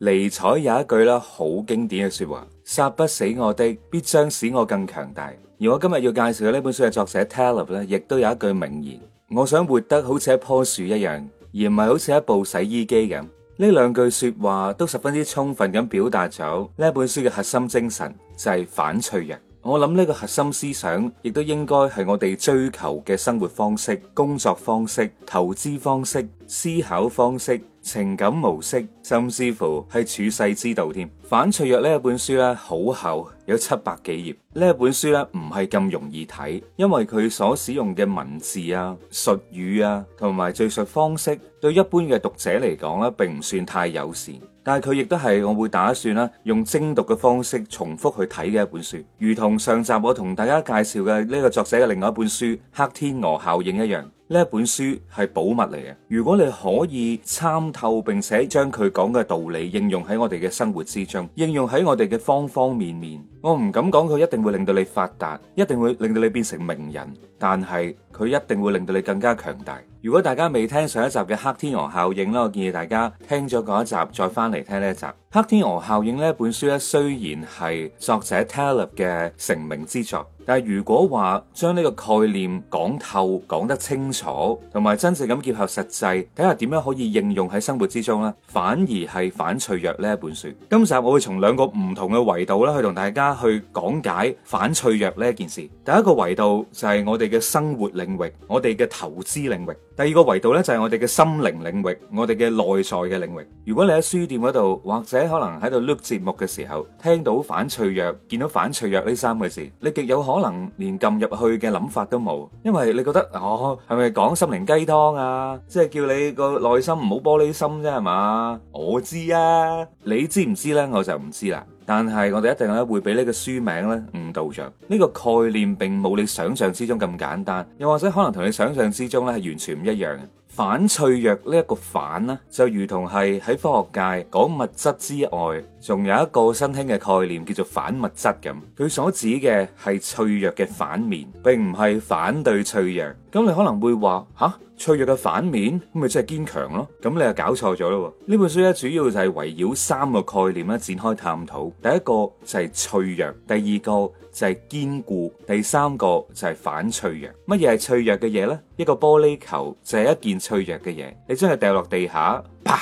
尼采有一句啦，好經典嘅說話：殺不死我的，必將使我更強大。而我今日要介紹嘅呢本書嘅作者 Taleb 咧，亦都有一句名言：我想活得好似一棵樹一樣，而唔係好似一部洗衣機咁。呢兩句說話都十分之充分咁表達咗呢本書嘅核心精神，就係反脆弱。我諗呢個核心思想，亦都應該係我哋追求嘅生活方式、工作方式、投資方式、思考方式。情感模式，甚至乎係處世之道添。反脆弱呢一本書咧，好厚，有七百幾頁。呢一本書咧，唔係咁容易睇，因為佢所使用嘅文字啊、術語啊，同埋敘述方式，對一般嘅讀者嚟講咧，並唔算太友善。但係佢亦都係我會打算啦用精讀嘅方式重複去睇嘅一本書，如同上集我同大家介紹嘅呢個作者嘅另外一本書《黑天鵝效應》一樣。呢本書係寶物嚟嘅，如果你可以參透並且將佢講嘅道理應用喺我哋嘅生活之中，應用喺我哋嘅方方面面，我唔敢講佢一定會令到你發達，一定會令到你變成名人，但係佢一定會令到你更加強大。如果大家未聽上一集嘅《黑天鵝效應》呢，我建議大家聽咗嗰一集再翻嚟聽呢一集。《黑天鵝效應》呢一本書咧，雖然係作者 Taleb 嘅成名之作。但係如果話將呢個概念講透，講得清楚，同埋真正咁結合實際，睇下點樣可以應用喺生活之中呢？反而係反脆弱呢一本書。今集我會從兩個唔同嘅維度咧，去同大家去講解反脆弱呢一件事。第一個維度就係我哋嘅生活領域，我哋嘅投資領域；第二個維度呢，就係我哋嘅心靈領域，我哋嘅內在嘅領域。如果你喺書店嗰度，或者可能喺度碌節目嘅時候，聽到反脆弱、見到反脆弱呢三個字，你極有可能。可能連撳入去嘅諗法都冇，因為你覺得哦，係咪講心靈雞湯啊？即係叫你個內心唔好玻璃心啫，係嘛？我知啊，你知唔知咧？我就唔知啦。但係我哋一定咧會俾呢個書名咧誤導着呢個概念，並冇你想象之中咁簡單，又或者可能同你想象之中咧係完全唔一樣。反脆弱呢一個反咧，就如同係喺科學界講物質之外。仲有一個新興嘅概念叫做反脆弱咁，佢所指嘅係脆弱嘅反面，並唔係反對脆弱。咁你可能會話吓、啊、脆弱嘅反面咁咪即係堅強咯？咁你又搞錯咗啦！呢本書咧主要就係圍繞三個概念咧展開探討。第一個就係脆弱，第二個就係堅固，第三個就係反脆弱。乜嘢係脆弱嘅嘢呢？一個玻璃球就係一件脆弱嘅嘢，你將佢掉落地下，啪，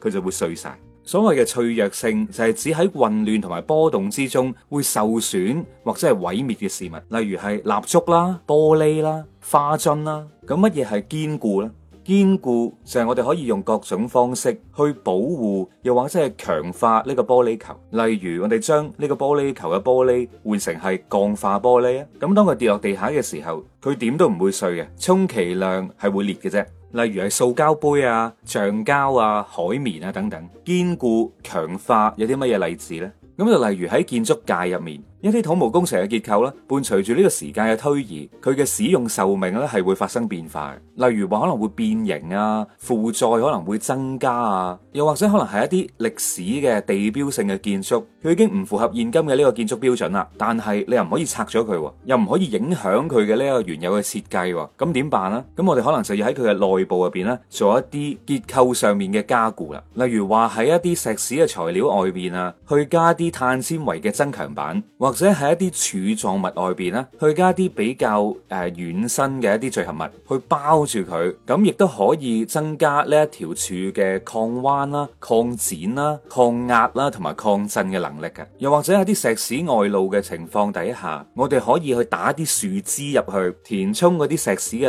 佢就會碎晒。所謂嘅脆弱性就係指喺混亂同埋波動之中會受損或者係毀滅嘅事物，例如係蠟燭啦、玻璃啦、花樽啦。咁乜嘢係堅固咧？堅固就係我哋可以用各種方式去保護，又或者係強化呢個玻璃球。例如我哋將呢個玻璃球嘅玻璃換成係鋼化玻璃啊。咁當佢跌落地下嘅時候，佢點都唔會碎嘅，充其量係會裂嘅啫。例如係塑膠杯啊、橡膠啊、海綿啊等等，堅固強化，有啲乜嘢例子呢？咁就例如喺建築界入面。一啲土木工程嘅結構咧，伴隨住呢個時間嘅推移，佢嘅使用壽命咧係會發生變化。例如話可能會變形啊，負載可能會增加啊，又或者可能係一啲歷史嘅地標性嘅建築，佢已經唔符合現今嘅呢個建築標準啦。但係你又唔可以拆咗佢喎，又唔可以影響佢嘅呢個原有嘅設計喎。咁點辦呢？咁我哋可能就要喺佢嘅內部入邊咧，做一啲結構上面嘅加固啦。例如話喺一啲石屎嘅材料外邊啊，去加啲碳纖維嘅增強板或者喺一啲柱狀物外邊啦，去加啲比較誒呃、軟身嘅一啲聚合物去包住佢，咁亦都可以增加呢一條柱嘅抗彎啦、抗剪啦、抗壓啦同埋抗震嘅能力嘅。又或者喺啲石屎外露嘅情況底下，我哋可以去打啲樹枝入去填充嗰啲石屎嘅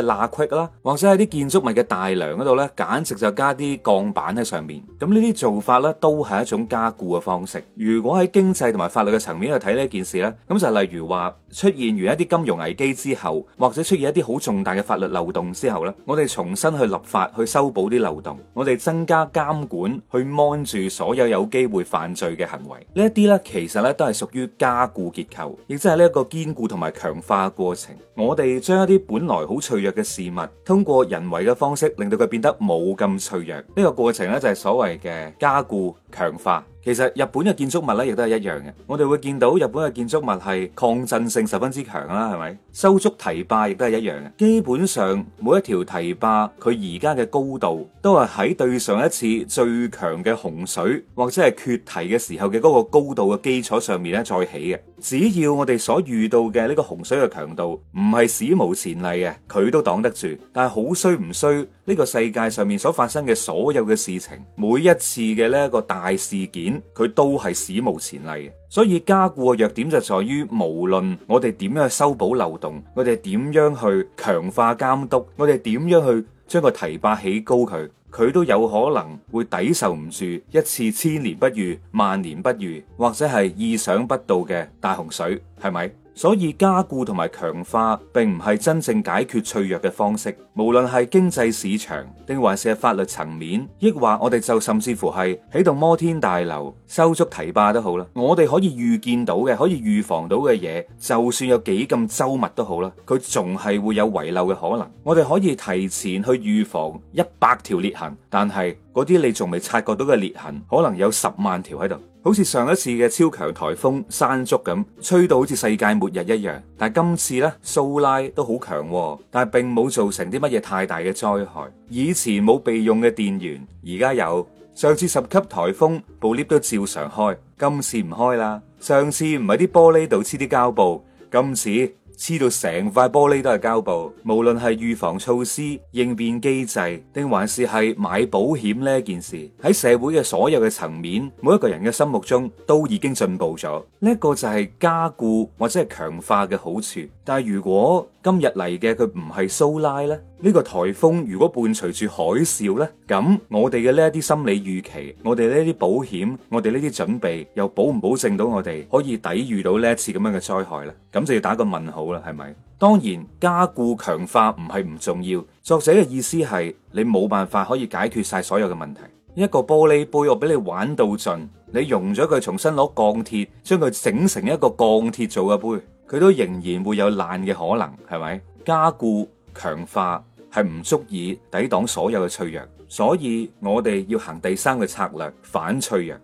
罅隙啦，或者喺啲建築物嘅大梁嗰度咧，簡直就加啲鋼板喺上面。咁呢啲做法咧都係一種加固嘅方式。如果喺經濟同埋法律嘅層面去睇呢件。咁就例如話出現完一啲金融危機之後，或者出現一啲好重大嘅法律漏洞之後咧，我哋重新去立法去修補啲漏洞，我哋增加監管去 mon 住所有有機會犯罪嘅行為，呢一啲咧其實咧都係屬於加固結構，亦即係呢一個堅固同埋強化過程。我哋將一啲本來好脆弱嘅事物，通過人為嘅方式，令到佢變得冇咁脆弱。呢、這個過程咧就係、是、所謂嘅加固強化。其實日本嘅建築物咧，亦都係一樣嘅。我哋會見到日本嘅建築物係抗震性十分之強啦，係咪？修築堤壩亦都係一樣嘅。基本上每一條堤壩，佢而家嘅高度都係喺對上一次最強嘅洪水或者係決堤嘅時候嘅嗰個高度嘅基礎上面咧再起嘅。只要我哋所遇到嘅呢個洪水嘅強度唔係史無前例嘅，佢都擋得住。但係好衰唔衰？呢個世界上面所發生嘅所有嘅事情，每一次嘅呢一個大事件，佢都係史無前例嘅。所以加固嘅弱點就在於，無論我哋點樣去修補漏洞，我哋點樣去強化監督，我哋點樣去將個堤壩起高佢，佢都有可能會抵受唔住一次千年不遇、萬年不遇或者係意想不到嘅大洪水，係咪？所以加固同埋強化並唔係真正解決脆弱嘅方式，無論係經濟市場定還是法律層面，亦或我哋就甚至乎係喺度摩天大樓修築堤壩都好啦。我哋可以預見到嘅，可以預防到嘅嘢，就算有幾咁周密都好啦，佢仲係會有遺漏嘅可能。我哋可以提前去預防一百條裂痕，但係嗰啲你仲未察覺到嘅裂痕，可能有十萬條喺度。好似上一次嘅超強颱風山竹咁，吹到好似世界末日一樣。但係今次呢蘇拉都好強啊，但係並冇造成啲乜嘢太大嘅災害。以前冇備用嘅電源，而家有。上次十級颱風，部 lift 都照常開，今次唔開啦。上次唔係啲玻璃度黐啲膠布，今次。黐到成塊玻璃都係膠布，無論係預防措施、應變機制，定還是係買保險呢件事，喺社會嘅所有嘅層面，每一個人嘅心目中都已經進步咗。呢一個就係加固或者係強化嘅好處。但係如果，今日嚟嘅佢唔係蘇拉呢。呢個颱風如果伴隨住海嘯呢，咁我哋嘅呢啲心理預期，我哋呢啲保險，我哋呢啲準備，又保唔保證到我哋可以抵禦到呢一次咁樣嘅災害呢？咁就要打個問號啦，係咪？當然加固強化唔係唔重要，作者嘅意思係你冇辦法可以解決晒所有嘅問題。一個玻璃杯，我俾你玩到盡，你溶咗佢，重新攞鋼鐵將佢整成一個鋼鐵做嘅杯。佢都仍然會有爛嘅可能，係咪？加固強化係唔足以抵擋所有嘅脆弱，所以我哋要行第三個策略，反脆弱。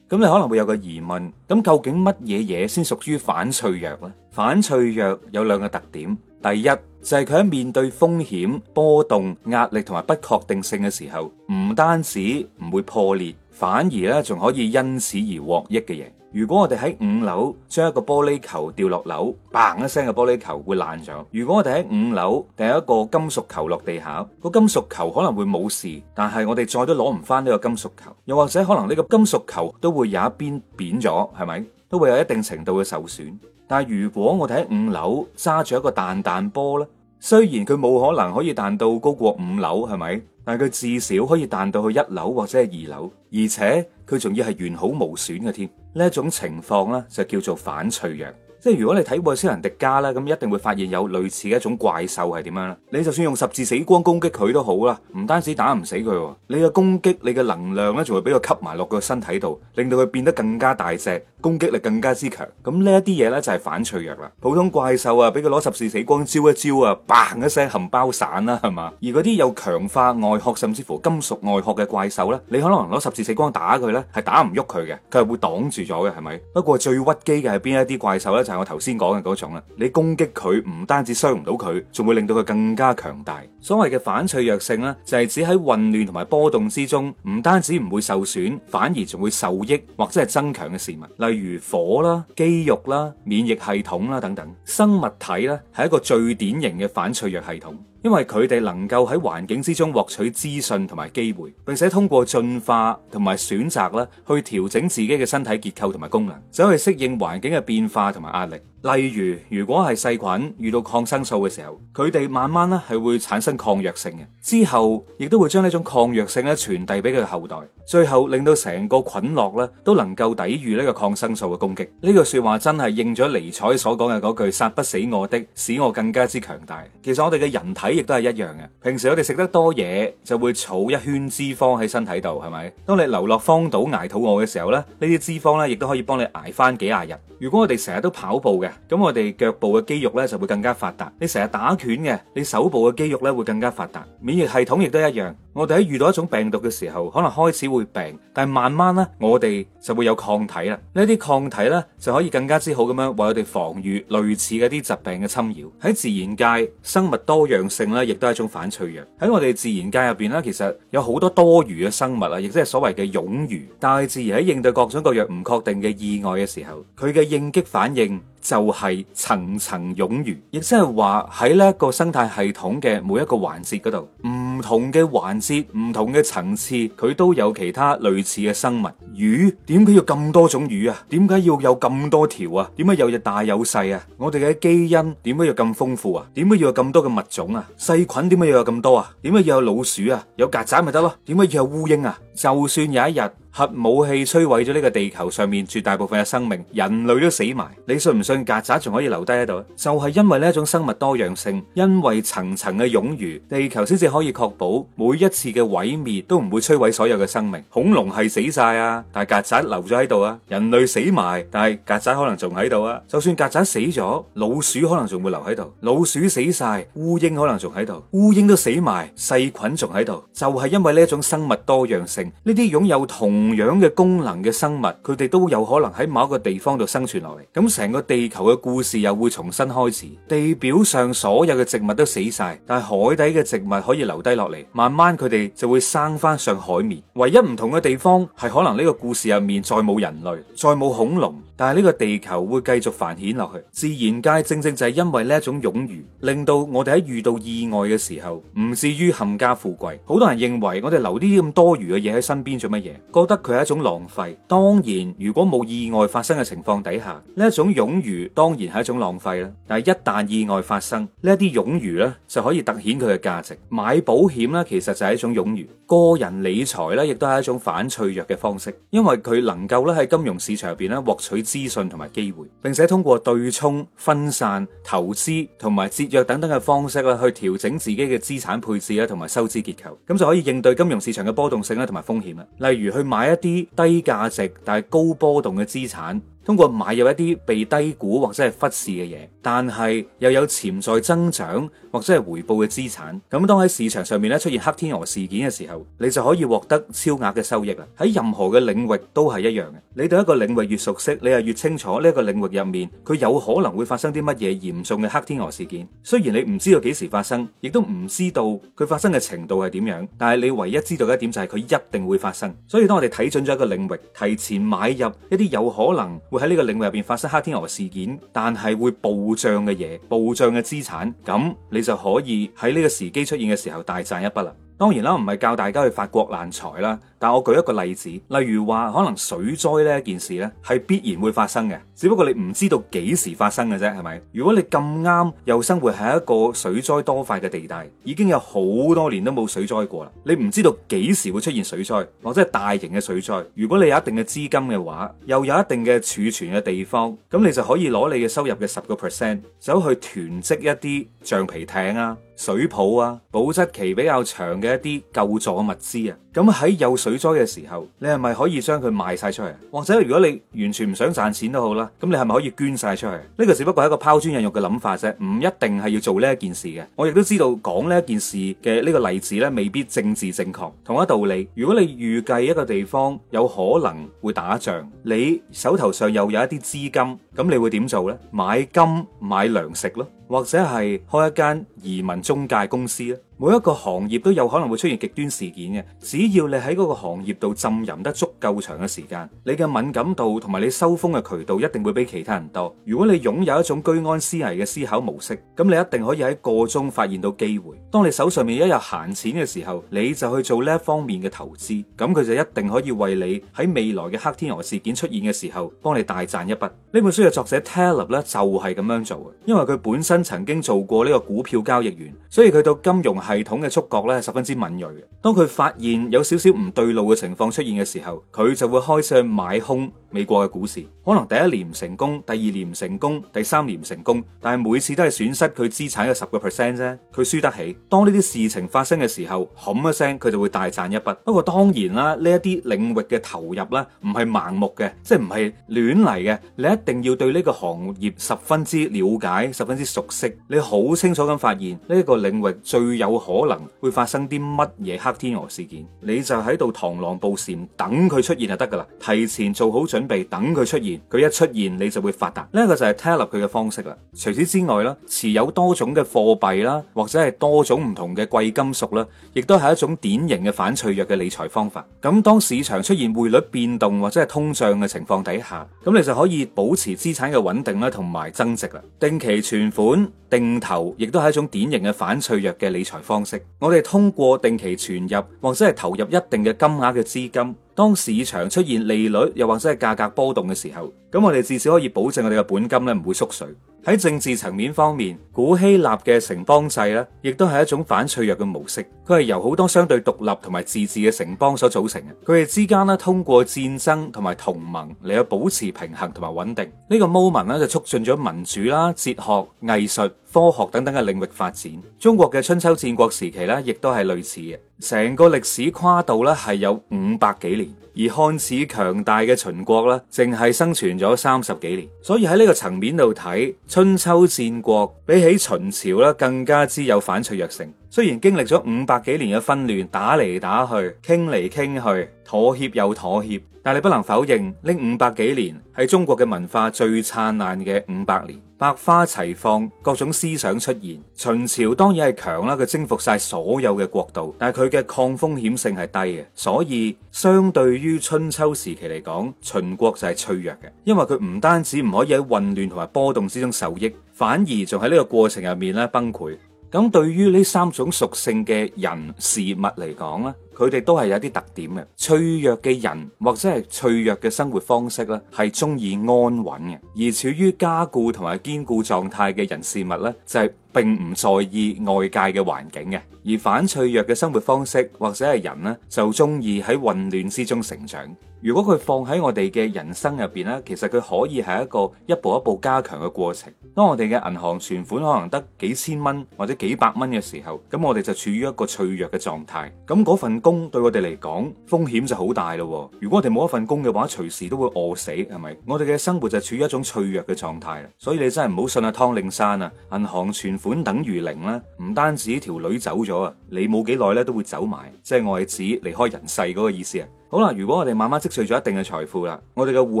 咁你可能會有個疑問，咁究竟乜嘢嘢先屬於反脆弱呢？反脆弱有兩個特點，第一就係佢喺面對風險、波動、壓力同埋不確定性嘅時候，唔單止唔會破裂，反而呢仲可以因此而獲益嘅嘢。如果我哋喺五樓將一個玻璃球掉落樓，bang 一聲嘅玻璃球會爛咗。如果我哋喺五樓掟一個金屬球落地下，個金屬球可能會冇事，但係我哋再都攞唔翻呢個金屬球。又或者可能呢個金屬球都會有一邊扁咗，係咪都會有一定程度嘅受損？但係如果我哋喺五樓揸住一個彈彈波咧，雖然佢冇可能可以彈到高過五樓，係咪？但係佢至少可以彈到去一樓或者係二樓，而且佢仲要係完好無損嘅添。呢一種情況呢，就叫做反脆弱。即係如果你睇過《超人迪迦》呢，咁一定會發現有類似嘅一種怪獸係點樣啦。你就算用十字死光攻擊佢都好啦，唔單止打唔死佢，你嘅攻擊你嘅能量呢，仲會俾佢吸埋落個身體度，令到佢變得更加大隻。攻擊力更加之強，咁呢一啲嘢呢，就係反脆弱啦。普通怪獸啊，俾佢攞十字死光招一招啊，砰一聲含包散啦，係嘛？而嗰啲有強化外殼甚至乎金屬外殼嘅怪獸呢，你可能攞十字死光打佢呢，係打唔喐佢嘅，佢係會擋住咗嘅，係咪？不過最屈機嘅係邊一啲怪獸呢？就係我頭先講嘅嗰種啦。你攻擊佢唔單止傷唔到佢，仲會令到佢更加強大。所謂嘅反脆弱性呢，就係指喺混亂同埋波動之中，唔單止唔會受損，反而仲會受益或者係增強嘅事物。例如火啦、肌肉啦、免疫系統啦等等，生物體咧係一個最典型嘅反脆弱系統。因為佢哋能夠喺環境之中獲取資訊同埋機會，並且通過進化同埋選擇啦，去調整自己嘅身體結構同埋功能，就去適應環境嘅變化同埋壓力。例如，如果係細菌遇到抗生素嘅時候，佢哋慢慢咧係會產生抗藥性嘅，之後亦都會將呢種抗藥性咧傳遞俾佢後代，最後令到成個菌落咧都能夠抵御呢個抗生素嘅攻擊。呢句說話真係應咗尼采所講嘅嗰句：殺不死我的，使我更加之強大。其實我哋嘅人體。亦都係一樣嘅。平時我哋食得多嘢，就會儲一圈脂肪喺身體度，係咪？當你流落荒島挨肚餓嘅時候咧，呢啲脂肪咧亦都可以幫你挨翻幾廿日。如果我哋成日都跑步嘅，咁我哋腳部嘅肌肉咧就會更加發達。你成日打拳嘅，你手部嘅肌肉咧會更加發達。免疫系統亦都一樣。我哋喺遇到一種病毒嘅時候，可能開始會病，但係慢慢咧，我哋就會有抗體啦。呢啲抗體咧就可以更加之好咁樣為我哋防禦類似嘅啲疾病嘅侵擾。喺自然界，生物多樣性。啦，亦都係一種反脆弱。喺我哋自然界入邊啦，其實有好多多餘嘅生物啊，亦即係所謂嘅冗餘。大自然喺應對各種各樣唔確定嘅意外嘅時候，佢嘅應激反應就係層層冗餘。亦即係話喺呢一個生態系統嘅每一個環節嗰度。唔同嘅環節，唔同嘅層次，佢都有其他類似嘅生物。魚點解要咁多種魚啊？點解要有咁多條啊？點解有日大有細啊？我哋嘅基因點解要咁豐富啊？點解要有咁多嘅物種啊？細菌點解要有咁多啊？點解要有老鼠啊？有曱甴咪得咯？點解要有烏蠅啊？就算有一日，核武器摧毀咗呢個地球上面絕大部分嘅生命，人類都死埋。你信唔信？曱甴仲可以留低喺度？就係因為呢一種生物多樣性，因為層層嘅冗餘，地球先至可以確保每一次嘅毀滅都唔會摧毀所有嘅生命。恐龍係死晒啊，但係曱甴留咗喺度啊。人類死埋，但係曱甴可能仲喺度啊。就算曱甴死咗，老鼠可能仲會留喺度。老鼠死晒，烏蠅可能仲喺度。烏蠅都死埋，細菌仲喺度。就係因為呢一種生物多樣性，呢啲擁有同。同樣嘅功能嘅生物，佢哋都有可能喺某一個地方度生存落嚟。咁成個地球嘅故事又會重新開始。地表上所有嘅植物都死晒，但係海底嘅植物可以留低落嚟，慢慢佢哋就會生翻上海面。唯一唔同嘅地方係可能呢個故事入面再冇人類，再冇恐龍。但係呢個地球會繼續繁衍落去，自然界正正正就係因為呢一種冗餘，令到我哋喺遇到意外嘅時候，唔至於冚家富貴。好多人認為我哋留啲咁多餘嘅嘢喺身邊做乜嘢？覺得佢係一種浪費。當然，如果冇意外發生嘅情況底下，呢一種冗餘當然係一種浪費啦。但係一旦意外發生，呢一啲冗餘咧就可以突顯佢嘅價值。買保險咧其實就係一種冗餘，個人理財咧亦都係一種反脆弱嘅方式，因為佢能夠咧喺金融市場入邊咧獲取。資訊同埋機會，並且通過對沖、分散投資同埋節約等等嘅方式啦，去調整自己嘅資產配置啊，同埋收支結構，噉就可以應對金融市場嘅波動性啦，同埋風險啦。例如去買一啲低價值但係高波動嘅資產。通過買入一啲被低估或者係忽視嘅嘢，但係又有潛在增長或者係回報嘅資產。咁當喺市場上面咧出現黑天鵝事件嘅時候，你就可以獲得超額嘅收益啦。喺任何嘅領域都係一樣嘅。你對一個領域越熟悉，你係越清楚呢個領域入面佢有可能會發生啲乜嘢嚴重嘅黑天鵝事件。雖然你唔知道幾時發生，亦都唔知道佢發生嘅程度係點樣，但係你唯一知道嘅一點就係佢一定會發生。所以當我哋睇準咗一個領域，提前買入一啲有可能。會喺呢個領域入邊發生黑天鵝事件，但係會暴漲嘅嘢，暴漲嘅資產，咁你就可以喺呢個時機出現嘅時候大賺一筆啦。當然啦，唔係教大家去發國難財啦。但我舉一個例子，例如話可能水災呢件事呢，係必然會發生嘅，只不過你唔知道幾時發生嘅啫，係咪？如果你咁啱又生活喺一個水災多發嘅地帶，已經有好多年都冇水災過啦，你唔知道幾時會出現水災，或者係大型嘅水災。如果你有一定嘅資金嘅話，又有一定嘅儲存嘅地方，咁你就可以攞你嘅收入嘅十個 percent 走去囤積一啲橡皮艇啊、水泡啊、保質期比較長嘅一啲救助物資啊，咁喺有水災嘅時候，你係咪可以將佢賣晒出嚟？或者如果你完全唔想賺錢都好啦，咁你係咪可以捐晒出去？呢個只不過係一個拋磚引玉嘅諗法啫，唔一定係要做呢一件事嘅。我亦都知道講呢一件事嘅呢個例子呢，未必政治正確。同一道理，如果你預計一個地方有可能會打仗，你手頭上又有一啲資金，咁你會點做呢？買金買糧食咯。或者係開一間移民中介公司咧，每一個行業都有可能會出現極端事件嘅，只要你喺嗰個行業度浸淫得足夠長嘅時間，你嘅敏感度同埋你收風嘅渠道一定會比其他人多。如果你擁有一種居安思危嘅思考模式，咁你一定可以喺個中發現到機會。當你手上面一有閒錢嘅時候，你就去做呢一方面嘅投資，咁佢就一定可以為你喺未來嘅黑天鵝事件出現嘅時候，幫你大賺一筆。呢本書嘅作者 Taleb 咧就係咁樣做嘅，因為佢本身。曾經做過呢個股票交易員，所以佢對金融系統嘅觸覺咧係十分之敏銳嘅。當佢發現有少少唔對路嘅情況出現嘅時候，佢就會開始去買空美國嘅股市。可能第一年唔成功，第二年唔成功，第三年唔成功，但係每次都係損失佢資產嘅十個 percent 啫。佢輸得起。當呢啲事情發生嘅時候，冚一聲佢就會大賺一筆。不過當然啦，呢一啲領域嘅投入啦，唔係盲目嘅，即係唔係亂嚟嘅。你一定要對呢個行業十分之了解，十分之熟。色，你好清楚咁發現呢一個領域最有可能會發生啲乜嘢黑天鵝事件，你就喺度螳螂捕蟬，等佢出現就得噶啦。提前做好準備，等佢出現，佢一出現你就會發達。呢一個就係 Taleb 佢嘅方式啦。除此之外啦，持有多種嘅貨幣啦，或者係多種唔同嘅貴金屬啦，亦都係一種典型嘅反脆弱嘅理財方法。咁當市場出現匯率變動或者係通脹嘅情況底下，咁你就可以保持資產嘅穩定啦，同埋增值啦。定期存款。定投亦都係一種典型嘅反脆弱嘅理財方式。我哋通過定期存入或者係投入一定嘅金額嘅資金。當市場出現利率又或者係價格波動嘅時候，咁我哋至少可以保證我哋嘅本金咧唔會縮水。喺政治層面方面，古希臘嘅城邦制咧，亦都係一種反脆弱嘅模式。佢係由好多相對獨立同埋自治嘅城邦所組成嘅。佢哋之間咧通過戰爭同埋同盟嚟去保持平衡同埋穩定。這個、呢個 moment 咧就促進咗民主啦、哲學、藝術。科學等等嘅領域發展，中國嘅春秋戰國時期咧，亦都係類似嘅，成個歷史跨度咧係有五百幾年，而看似強大嘅秦國咧，淨係生存咗三十幾年，所以喺呢個層面度睇，春秋戰國比起秦朝咧，更加之有反脆弱性。雖然經歷咗五百幾年嘅紛亂，打嚟打去，傾嚟傾去，妥協又妥協，但你不能否認呢五百幾年係中國嘅文化最燦爛嘅五百年，百花齊放，各種思想出現。秦朝當然係強啦，佢征服晒所有嘅國度，但係佢嘅抗風險性係低嘅，所以相對於春秋時期嚟講，秦國就係脆弱嘅，因為佢唔單止唔可以喺混亂同埋波動之中受益，反而仲喺呢個過程入面咧崩潰。咁對於呢三種屬性嘅人事物嚟講咧，佢哋都係有啲特點嘅。脆弱嘅人或者係脆弱嘅生活方式咧，係中意安穩嘅；而處於加固同埋堅固狀態嘅人事物咧，就係並唔在意外界嘅環境嘅。而反脆弱嘅生活方式或者係人咧，就中意喺混亂之中成長。如果佢放喺我哋嘅人生入邊呢，其實佢可以係一個一步一步加強嘅過程。當我哋嘅銀行存款可能得幾千蚊或者幾百蚊嘅時候，咁我哋就處於一個脆弱嘅狀態。咁嗰份工對我哋嚟講風險就好大咯。如果我哋冇一份工嘅話，隨時都會餓死，係咪？我哋嘅生活就處於一種脆弱嘅狀態，所以你真係唔好信阿、啊、湯令山啊，銀行存款等於零啦，唔單止條女走咗啊，你冇幾耐咧都會走埋，即係我係指離開人世嗰個意思啊。好啦，如果我哋慢慢積聚咗一定嘅財富啦，我哋嘅戶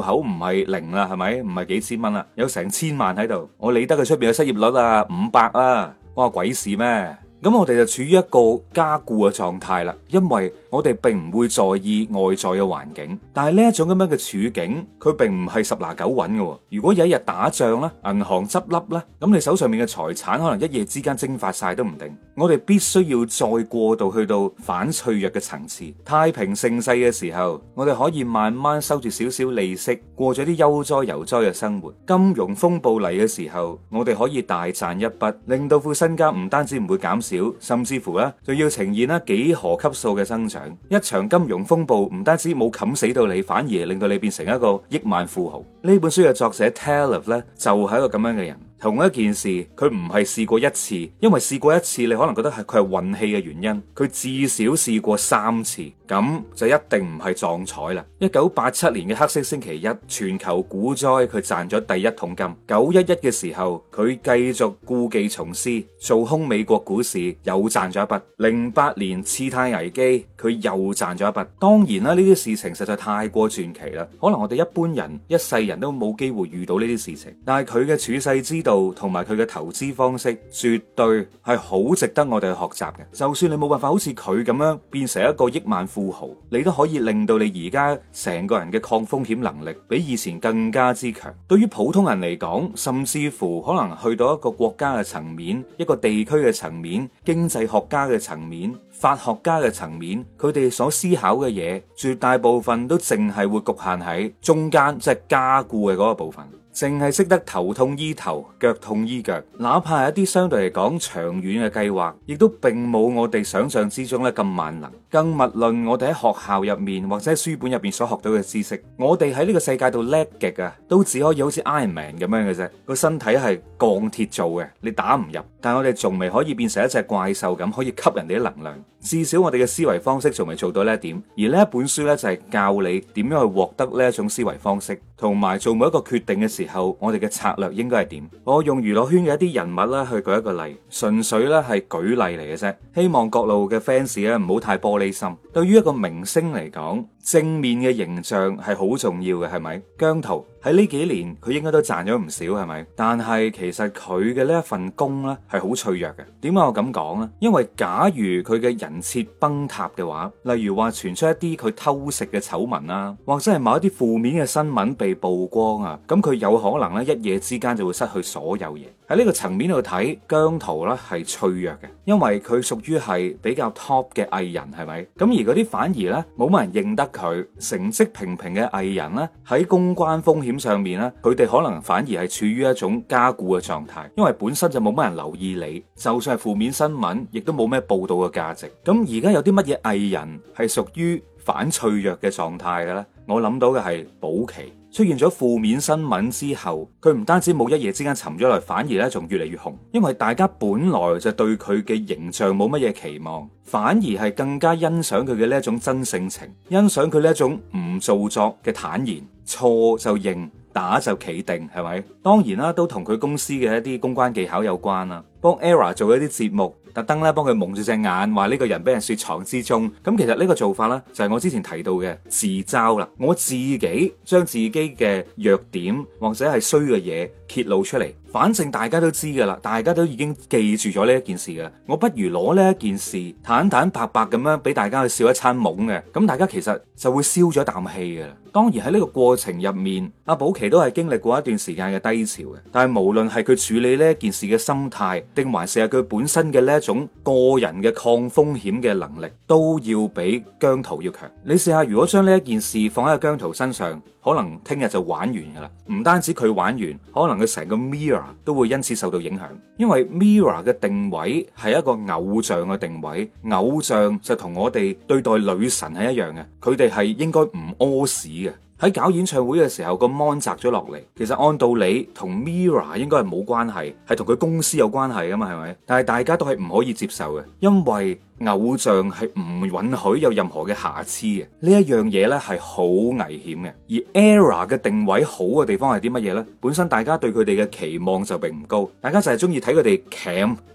口唔係零啦，係咪？唔係幾千蚊啦，有成千萬喺度，我理得佢出邊嘅失業率啊，五百啊，關我鬼事咩？咁我哋就處於一個加固嘅狀態啦，因為我哋並唔會在意外在嘅環境，但係呢一種咁樣嘅處境，佢並唔係十拿九穩嘅。如果有一日打仗啦，銀行執笠啦，咁你手上面嘅財產可能一夜之間蒸發晒都唔定。我哋必須要再過渡去到反脆弱嘅層次。太平盛世嘅時候，我哋可以慢慢收住少少利息，過咗啲悠哉游哉嘅生活。金融風暴嚟嘅時候，我哋可以大賺一筆，令到副身家唔單止唔會減。少，甚至乎啦，仲要呈現啦幾何級數嘅增長。一場金融風暴唔單止冇冚死到你，反而令到你變成一個億萬富豪。呢本書嘅作者 Taleb 咧，就係一個咁樣嘅人。同一件事，佢唔係試過一次，因為試過一次你可能覺得係佢係運氣嘅原因，佢至少試過三次，咁就一定唔係撞彩啦。一九八七年嘅黑色星期一，全球股災，佢賺咗第一桶金。九一一嘅時候，佢繼續故技重施，做空美國股市，又賺咗一筆。零八年次貸危機，佢又賺咗一筆。當然啦，呢啲事情實在太過傳奇啦，可能我哋一般人一世人都冇機會遇到呢啲事情，但係佢嘅處世之度同埋佢嘅投資方式，絕對係好值得我哋學習嘅。就算你冇辦法好似佢咁樣變成一個億萬富豪，你都可以令到你而家成個人嘅抗風險能力比以前更加之強。對於普通人嚟講，甚至乎可能去到一個國家嘅層面，一個地區嘅層面，經濟學家嘅層面，法學家嘅層面，佢哋所思考嘅嘢，絕大部分都淨係會局限喺中間，即係加固嘅嗰個部分。淨係識得頭痛醫頭、腳痛醫腳，哪怕係一啲相對嚟講長遠嘅計劃，亦都並冇我哋想象之中咧咁萬能。更勿論我哋喺學校入面或者喺書本入邊所學到嘅知識，我哋喺呢個世界度叻極啊，都只可以好似 Iron Man 咁樣嘅啫，個身體係鋼鐵做嘅，你打唔入。但係我哋仲未可以變成一隻怪獸咁，可以吸人哋啲能量。至少我哋嘅思維方式仲未做到呢一點，而呢一本書呢，就係教你點樣去獲得呢一種思維方式，同埋做每一個決定嘅時候，我哋嘅策略應該係點？我用娛樂圈嘅一啲人物呢去舉一個例，純粹呢係舉例嚟嘅啫，希望各路嘅 fans 咧唔好太玻璃心。對於一個明星嚟講，正面嘅形象係好重要嘅，係咪？姜濤喺呢幾年佢應該都賺咗唔少，係咪？但係其實佢嘅呢一份工呢，係好脆弱嘅。點解我咁講呢？因為假如佢嘅人設崩塌嘅話，例如話傳出一啲佢偷食嘅醜聞啦，或者係某一啲負面嘅新聞被曝光啊，咁佢有可能呢一夜之間就會失去所有嘢。喺呢個層面度睇，姜濤呢係脆弱嘅，因為佢屬於係比較 top 嘅藝人，係咪？咁而嗰啲反而呢，冇乜人認得。佢成績平平嘅藝人咧，喺公關風險上面咧，佢哋可能反而係處於一種加固嘅狀態，因為本身就冇乜人留意你，就算係負面新聞，亦都冇咩報道嘅價值。咁而家有啲乜嘢藝人係屬於反脆弱嘅狀態嘅咧？我諗到嘅係保期。出現咗負面新聞之後，佢唔單止冇一夜之間沉咗落，反而咧仲越嚟越紅。因為大家本來就對佢嘅形象冇乜嘢期望，反而係更加欣賞佢嘅呢一種真性情，欣賞佢呢一種唔做作嘅坦然，錯就認，打就企定，係咪？當然啦，都同佢公司嘅一啲公關技巧有關啦，幫 Era 做一啲節目。特登咧，幫佢矇住隻眼，話呢個人俾人雪藏之中。咁其實呢個做法呢，就係我之前提到嘅自嘲啦。我自己將自己嘅弱點或者係衰嘅嘢揭露出嚟。反正大家都知噶啦，大家都已經記住咗呢一件事噶啦，我不如攞呢一件事坦坦白白咁樣俾大家去笑一餐懵嘅，咁大家其實就會消咗啖氣嘅。當然喺呢個過程入面，阿寶奇都係經歷過一段時間嘅低潮嘅，但係無論係佢處理呢一件事嘅心態，定還是係佢本身嘅呢一種個人嘅抗風險嘅能力，都要比姜濤要強。你試下如果將呢一件事放喺姜濤身上。可能聽日就玩完㗎喇，唔單止佢玩完，可能佢成個 Mirror 都會因此受到影響，因為 Mirror 嘅定位係一個偶像嘅定位，偶像就同我哋對待女神係一樣嘅，佢哋係應該唔屙屎嘅。喺搞演唱會嘅時候，個 Mon 摘咗落嚟，其實按道理同 Mirror 應該係冇關係，係同佢公司有關係㗎嘛，係咪？但係大家都係唔可以接受嘅，因為偶像係唔允許有任何嘅瑕疵嘅，呢一樣嘢呢係好危險嘅。而 Error 嘅定位好嘅地方係啲乜嘢呢？本身大家對佢哋嘅期望就並唔高，大家就係鍾意睇佢哋騎，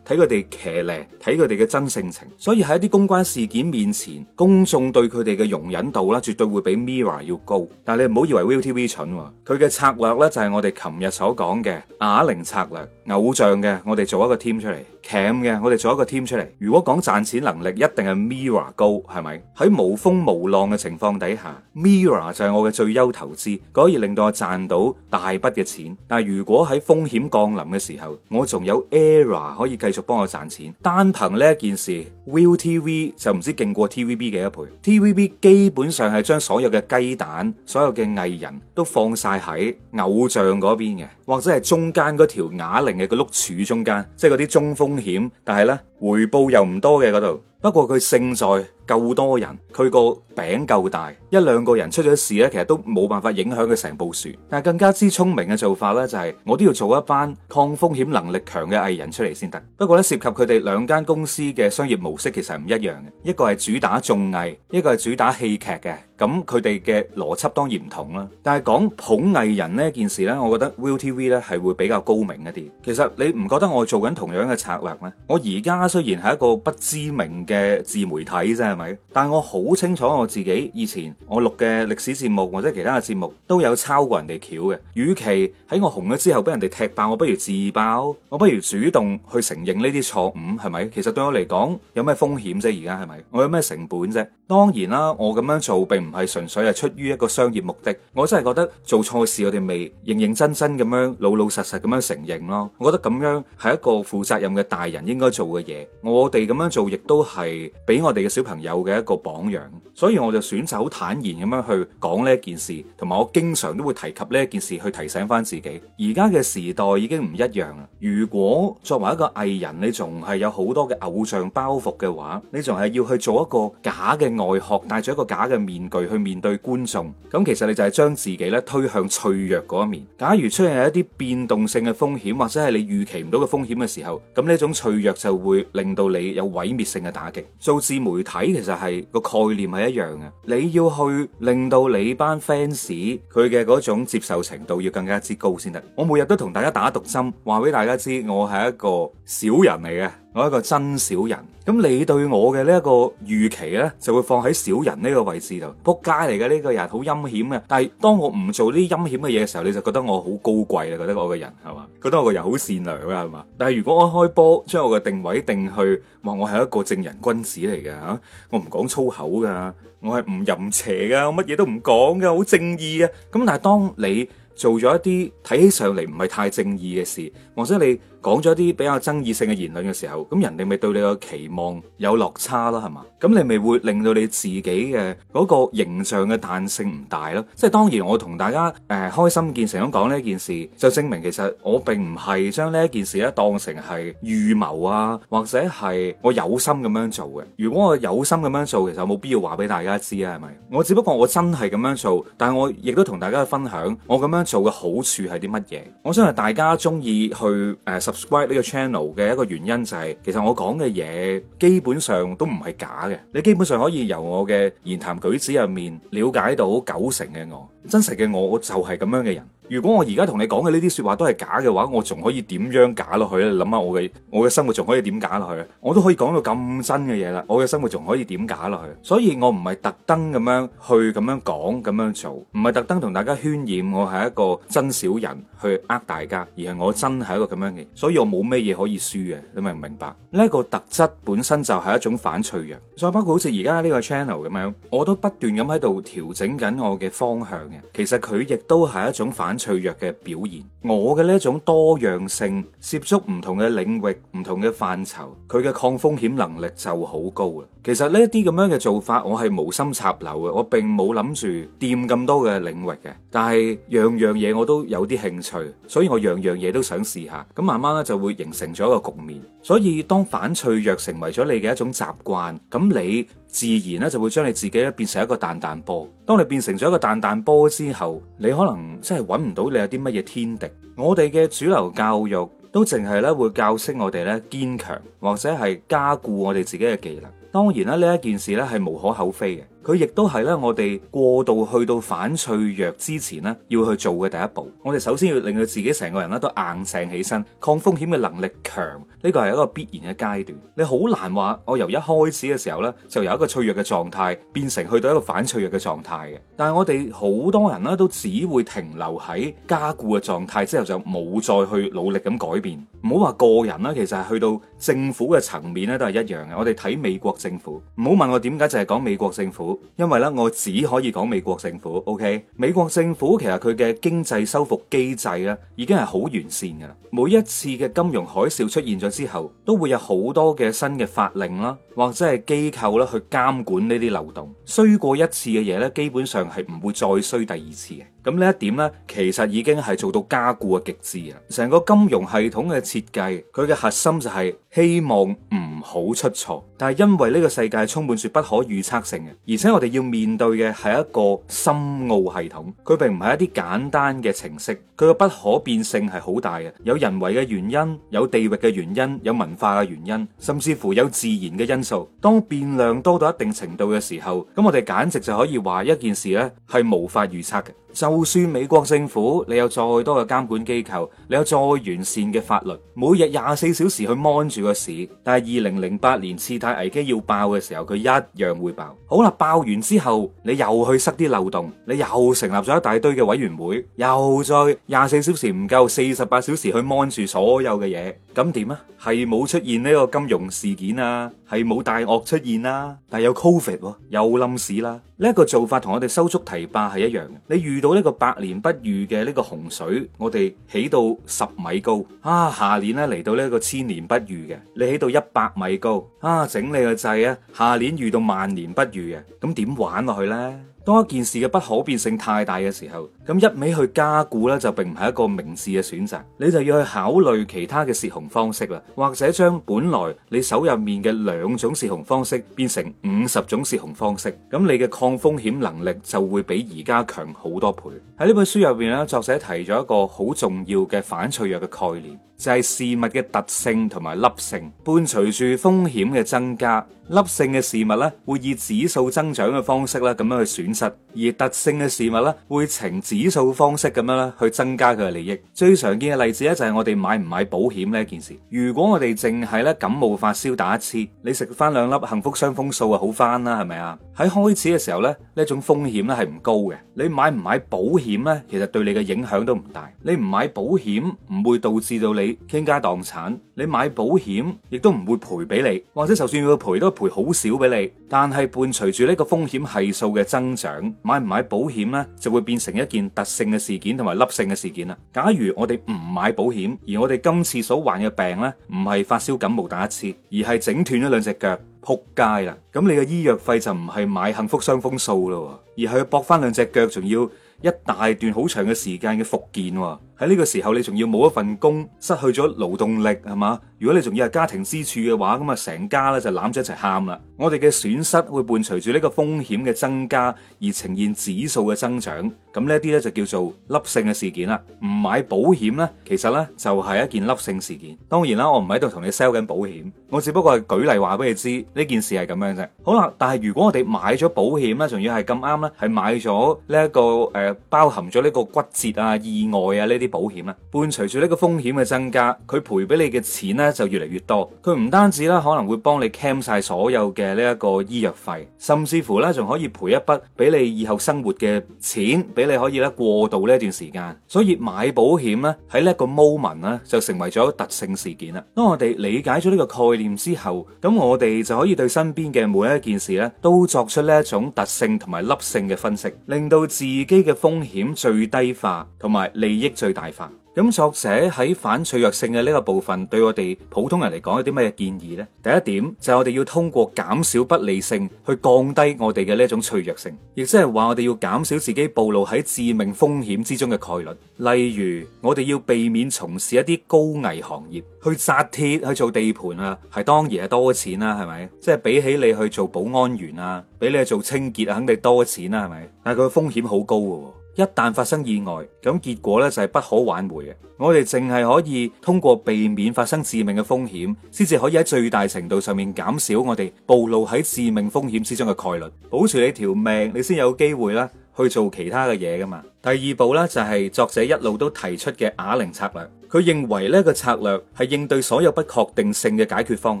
睇佢哋騎呢，睇佢哋嘅真性情。所以喺一啲公關事件面前，公眾對佢哋嘅容忍度呢，絕對會比 Mirror 要高。但係你唔好以為 ViuTV 蠢啊，佢嘅策略呢，就係我哋琴日所講嘅啞鈴策略。偶像嘅，我哋做一個 team 出嚟；cam 嘅，我哋做一個 team 出嚟。如果講賺錢能力，一定係 Mirror 高，係咪？喺無風無浪嘅情況底下，Mirror 就係我嘅最優投資，可以令到我賺到大筆嘅錢。但係如果喺風險降臨嘅時候，我仲有 Error 可以繼續幫我賺錢。單憑呢一件事，ViuTV 就唔知勁過 TVB 幾多倍。TVB 基本上係將所有嘅雞蛋、所有嘅藝人都放晒喺偶像嗰邊嘅，或者係中間嗰條啞鈴。喺個碌柱中間，即係嗰啲中風險，但係咧回報又唔多嘅嗰度，不過佢勝在，夠多人，佢個餅夠大，一兩個人出咗事咧，其實都冇辦法影響佢成部船。但係更加之聰明嘅做法咧，就是，就係我都要做一班抗風險能力強嘅藝人出嚟先得。不過咧，涉及佢哋兩間公司嘅商業模式，其實唔一樣嘅。一個係主打綜藝，一個係主打戲劇嘅。咁佢哋嘅邏輯當然唔同啦。但係講捧藝人呢件事呢，我覺得 ViuTV 呢係會比較高明一啲。其實你唔覺得我做緊同樣嘅策略咩？我而家雖然係一個不知名嘅自媒體啫。但係我好清楚我自己，以前我錄嘅歷史節目或者其他嘅節目都有抄過人哋橋嘅。與其喺我紅咗之後俾人哋踢爆，我不如自爆，我不如主動去承認呢啲錯誤，係咪？其實對我嚟講，有咩風險啫？而家係咪？我有咩成本啫？當然啦，我咁樣做並唔係純粹係出於一個商業目的，我真係覺得做錯事我哋未認認真真咁樣老老實實咁樣承認咯。我覺得咁樣係一個負責任嘅大人應該做嘅嘢。我哋咁樣做亦都係俾我哋嘅小朋友。有嘅一個榜樣，所以我就選擇好坦然咁樣去講呢一件事，同埋我經常都會提及呢一件事，去提醒翻自己。而家嘅時代已經唔一樣啦。如果作為一個藝人，你仲係有好多嘅偶像包袱嘅話，你仲係要去做一個假嘅外殼，戴住一個假嘅面具去面對觀眾。咁其實你就係將自己咧推向脆弱嗰一面。假如出現一啲變動性嘅風險，或者係你預期唔到嘅風險嘅時候，咁呢種脆弱就會令到你有毀滅性嘅打擊。做自媒體。其實係個概念係一樣嘅，你要去令到你班 fans 佢嘅嗰種接受程度要更加之高先得。我每日都同大家打毒針，話俾大家知我係一個小人嚟嘅。我係一個真小人，咁你對我嘅呢一個預期呢，就會放喺小人呢個位置度，仆街嚟嘅呢個人好陰險嘅。但係當我唔做啲陰險嘅嘢嘅時候，你就覺得我好高貴啦，覺得我個人係嘛，覺得我個人好善良啦係嘛。但係如果我開波將我嘅定位定去，話我係一個正人君子嚟嘅吓，我唔講粗口噶，我係唔淫邪噶，我乜嘢都唔講噶，好正義啊。咁但係當你做咗一啲睇起上嚟唔係太正義嘅事，或者你，講咗啲比較爭議性嘅言論嘅時候，咁人哋咪對你個期望有落差啦，係嘛？咁你咪會令到你自己嘅嗰個形象嘅彈性唔大咯。即、就、係、是、當然，我同大家誒、呃、開心見誠咁講呢件事，就證明其實我並唔係將呢件事咧當成係預謀啊，或者係我有心咁樣做嘅。如果我有心咁樣做，其實冇必要話俾大家知啊，係咪？我只不過我真係咁樣做，但係我亦都同大家去分享我咁樣做嘅好處係啲乜嘢。我相信大家中意去誒，呃 subscribe 呢個 channel 嘅一個原因就係其實我講嘅嘢基本上都唔係假嘅，你基本上可以由我嘅言談舉止入面了解到九成嘅我。真實嘅我，我就係咁樣嘅人。如果我而家同你講嘅呢啲說話都係假嘅話，我仲可以點樣假落去呢？諗下我嘅我嘅生活仲可以點假落去？我都可以講到咁真嘅嘢啦。我嘅生活仲可以點假落去？所以我唔係特登咁樣去咁樣講，咁樣做，唔係特登同大家渲染我係一個真小人去呃大家，而係我真係一個咁樣嘅。所以我冇咩嘢可以輸嘅，你明唔明白？呢個特質本身就係一種反脆弱。再包括好似而家呢個 channel 咁樣，我都不斷咁喺度調整緊我嘅方向。其實佢亦都係一種反脆弱嘅表現。我嘅呢一種多樣性，接觸唔同嘅領域、唔同嘅範疇，佢嘅抗風險能力就好高啦。其實呢啲咁樣嘅做法，我係無心插柳嘅，我並冇諗住掂咁多嘅領域嘅，但係樣樣嘢我都有啲興趣，所以我樣樣嘢都想試下。咁慢慢咧就會形成咗一個局面。所以當反脆弱成為咗你嘅一種習慣，咁你。自然咧就會將你自己咧變成一個彈彈波。當你變成咗一個彈彈波之後，你可能真係揾唔到你有啲乜嘢天敵。我哋嘅主流教育都淨係咧會教識我哋咧堅強或者係加固我哋自己嘅技能。當然咧呢一件事咧係無可厚非嘅。佢亦都係咧，我哋過度去到反脆弱之前呢，要去做嘅第一步，我哋首先要令到自己成個人咧都硬淨起身，抗風險嘅能力強，呢個係一個必然嘅階段。你好難話我由一開始嘅時候呢，就由一個脆弱嘅狀態變成去到一個反脆弱嘅狀態嘅。但係我哋好多人呢，都只會停留喺加固嘅狀態之後，就冇再去努力咁改變。唔好話個人啦，其實係去到政府嘅層面咧都係一樣嘅。我哋睇美國政府，唔好問我點解，就係講美國政府。因為咧，我只可以講美國政府，OK？美國政府其實佢嘅經濟修復機制咧，已經係好完善噶啦。每一次嘅金融海嘯出現咗之後，都會有好多嘅新嘅法令啦，或者係機構啦，去監管呢啲漏洞。衰過一次嘅嘢咧，基本上係唔會再衰第二次嘅。咁呢一點呢，其實已經係做到加固嘅極致啊！成個金融系統嘅設計，佢嘅核心就係希望唔好出錯。但係因為呢個世界充滿住不可預測性嘅，而且我哋要面對嘅係一個深奧系統，佢並唔係一啲簡單嘅程式，佢嘅不可變性係好大嘅。有人為嘅原因，有地域嘅原因，有文化嘅原因，甚至乎有自然嘅因素。當變量多到一定程度嘅時候，咁我哋簡直就可以話一件事，呢係無法預測嘅。就算美國政府你有再多嘅監管機構，你有再完善嘅法律，每日廿四小時去 mon 住個市，但係二零零八年次貸危機要爆嘅時候，佢一樣會爆。好啦，爆完之後你又去塞啲漏洞，你又成立咗一大堆嘅委員會，又再廿四小時唔夠四十八小時去 mon 住所有嘅嘢。咁點啊？係冇出現呢個金融事件啊，係冇大鱷出現啊？但係有 covid、啊、又冧市啦。呢、這、一個做法同我哋修築堤壩係一樣嘅。你遇到呢個百年不遇嘅呢個洪水，我哋起到十米高啊，下年咧嚟到呢個千年不遇嘅，你起到一百米高啊，整你個掣啊，下年遇到萬年不遇嘅，咁點玩落去呢？當一件事嘅不可變性太大嘅時候，咁一味去加固呢，就並唔係一個明智嘅選擇。你就要去考慮其他嘅洩洪方式啦，或者將本來你手入面嘅兩種洩洪方式變成五十種洩洪方式，咁你嘅抗風險能力就會比而家強好多倍。喺呢本書入邊咧，作者提咗一個好重要嘅反脆弱嘅概念。就係事物嘅特性同埋凹性，伴隨住風險嘅增加，凹性嘅事物咧，會以指數增長嘅方式咧咁樣去損失，而特性嘅事物咧，會呈指數方式咁樣咧去增加佢嘅利益。最常見嘅例子咧就係我哋買唔買保險呢一件事。如果我哋淨係咧感冒發燒打一針，你食翻兩粒幸福傷風素啊，好翻啦，係咪啊？喺開始嘅時候咧，呢一種風險咧係唔高嘅，你買唔買保險咧，其實對你嘅影響都唔大。你唔買保險唔會導致到你。傾家蕩產，你買保險亦都唔會賠俾你，或者就算要賠都賠好少俾你。但係伴隨住呢個風險係數嘅增長，買唔買保險呢，就會變成一件凸性嘅事件同埋凹性嘅事件啦。假如我哋唔買保險，而我哋今次所患嘅病呢，唔係發燒感冒第一次，而係整斷咗兩隻腳扑街啦，咁你嘅醫藥費就唔係買幸福雙豐收咯，而係要駁返兩隻腳，仲要一大段好長嘅時間嘅復健。喺呢個時候你仲要冇一份工，失去咗勞動力係嘛？如果你仲要係家庭支柱嘅話，咁啊成家咧就攬咗一齊喊啦。我哋嘅損失會伴隨住呢個風險嘅增加而呈現指數嘅增長。咁呢啲呢就叫做凹性嘅事件啦。唔買保險呢，其實呢就係一件凹性事件。當然啦，我唔喺度同你 sell 緊保險，我只不過係舉例話俾你知呢件事係咁樣啫。好啦，但係如果我哋買咗保險呢，仲要係咁啱呢，係買咗呢一個誒包含咗呢個骨折啊、意外啊呢啲。保險啦，伴隨住呢個風險嘅增加，佢賠俾你嘅錢呢就越嚟越多。佢唔單止啦，可能會幫你 cancel 晒所有嘅呢一個醫藥費，甚至乎呢，仲可以賠一筆俾你以後生活嘅錢，俾你可以咧，過渡呢段時間。所以買保險呢，喺呢一個 moment 呢，就成為咗特性事件啦。當我哋理解咗呢個概念之後，咁我哋就可以對身邊嘅每一件事呢都作出呢一種特性同埋粒性嘅分析，令到自己嘅風險最低化，同埋利益最大大化咁，作者喺反脆弱性嘅呢個部分，對我哋普通人嚟講有啲咩建議咧？第一點就係我哋要通過減少不利性去降低我哋嘅呢種脆弱性，亦即係話我哋要減少自己暴露喺致命風險之中嘅概率。例如，我哋要避免從事一啲高危行業，去紮鐵去做地盤啊，係當然係多錢啦，係咪？即係比起你去做保安員啊，比你去做清潔啊，肯定多錢啦，係咪？但係佢風險好高嘅。一旦發生意外，咁結果呢就係不可挽回嘅。我哋淨係可以通過避免發生致命嘅風險，先至可以喺最大程度上面減少我哋暴露喺致命風險之中嘅概率。保住你條命，你先有機會啦去做其他嘅嘢噶嘛。第二步呢，就係作者一路都提出嘅啞鈴策略。佢認為呢個策略係應對所有不確定性嘅解決方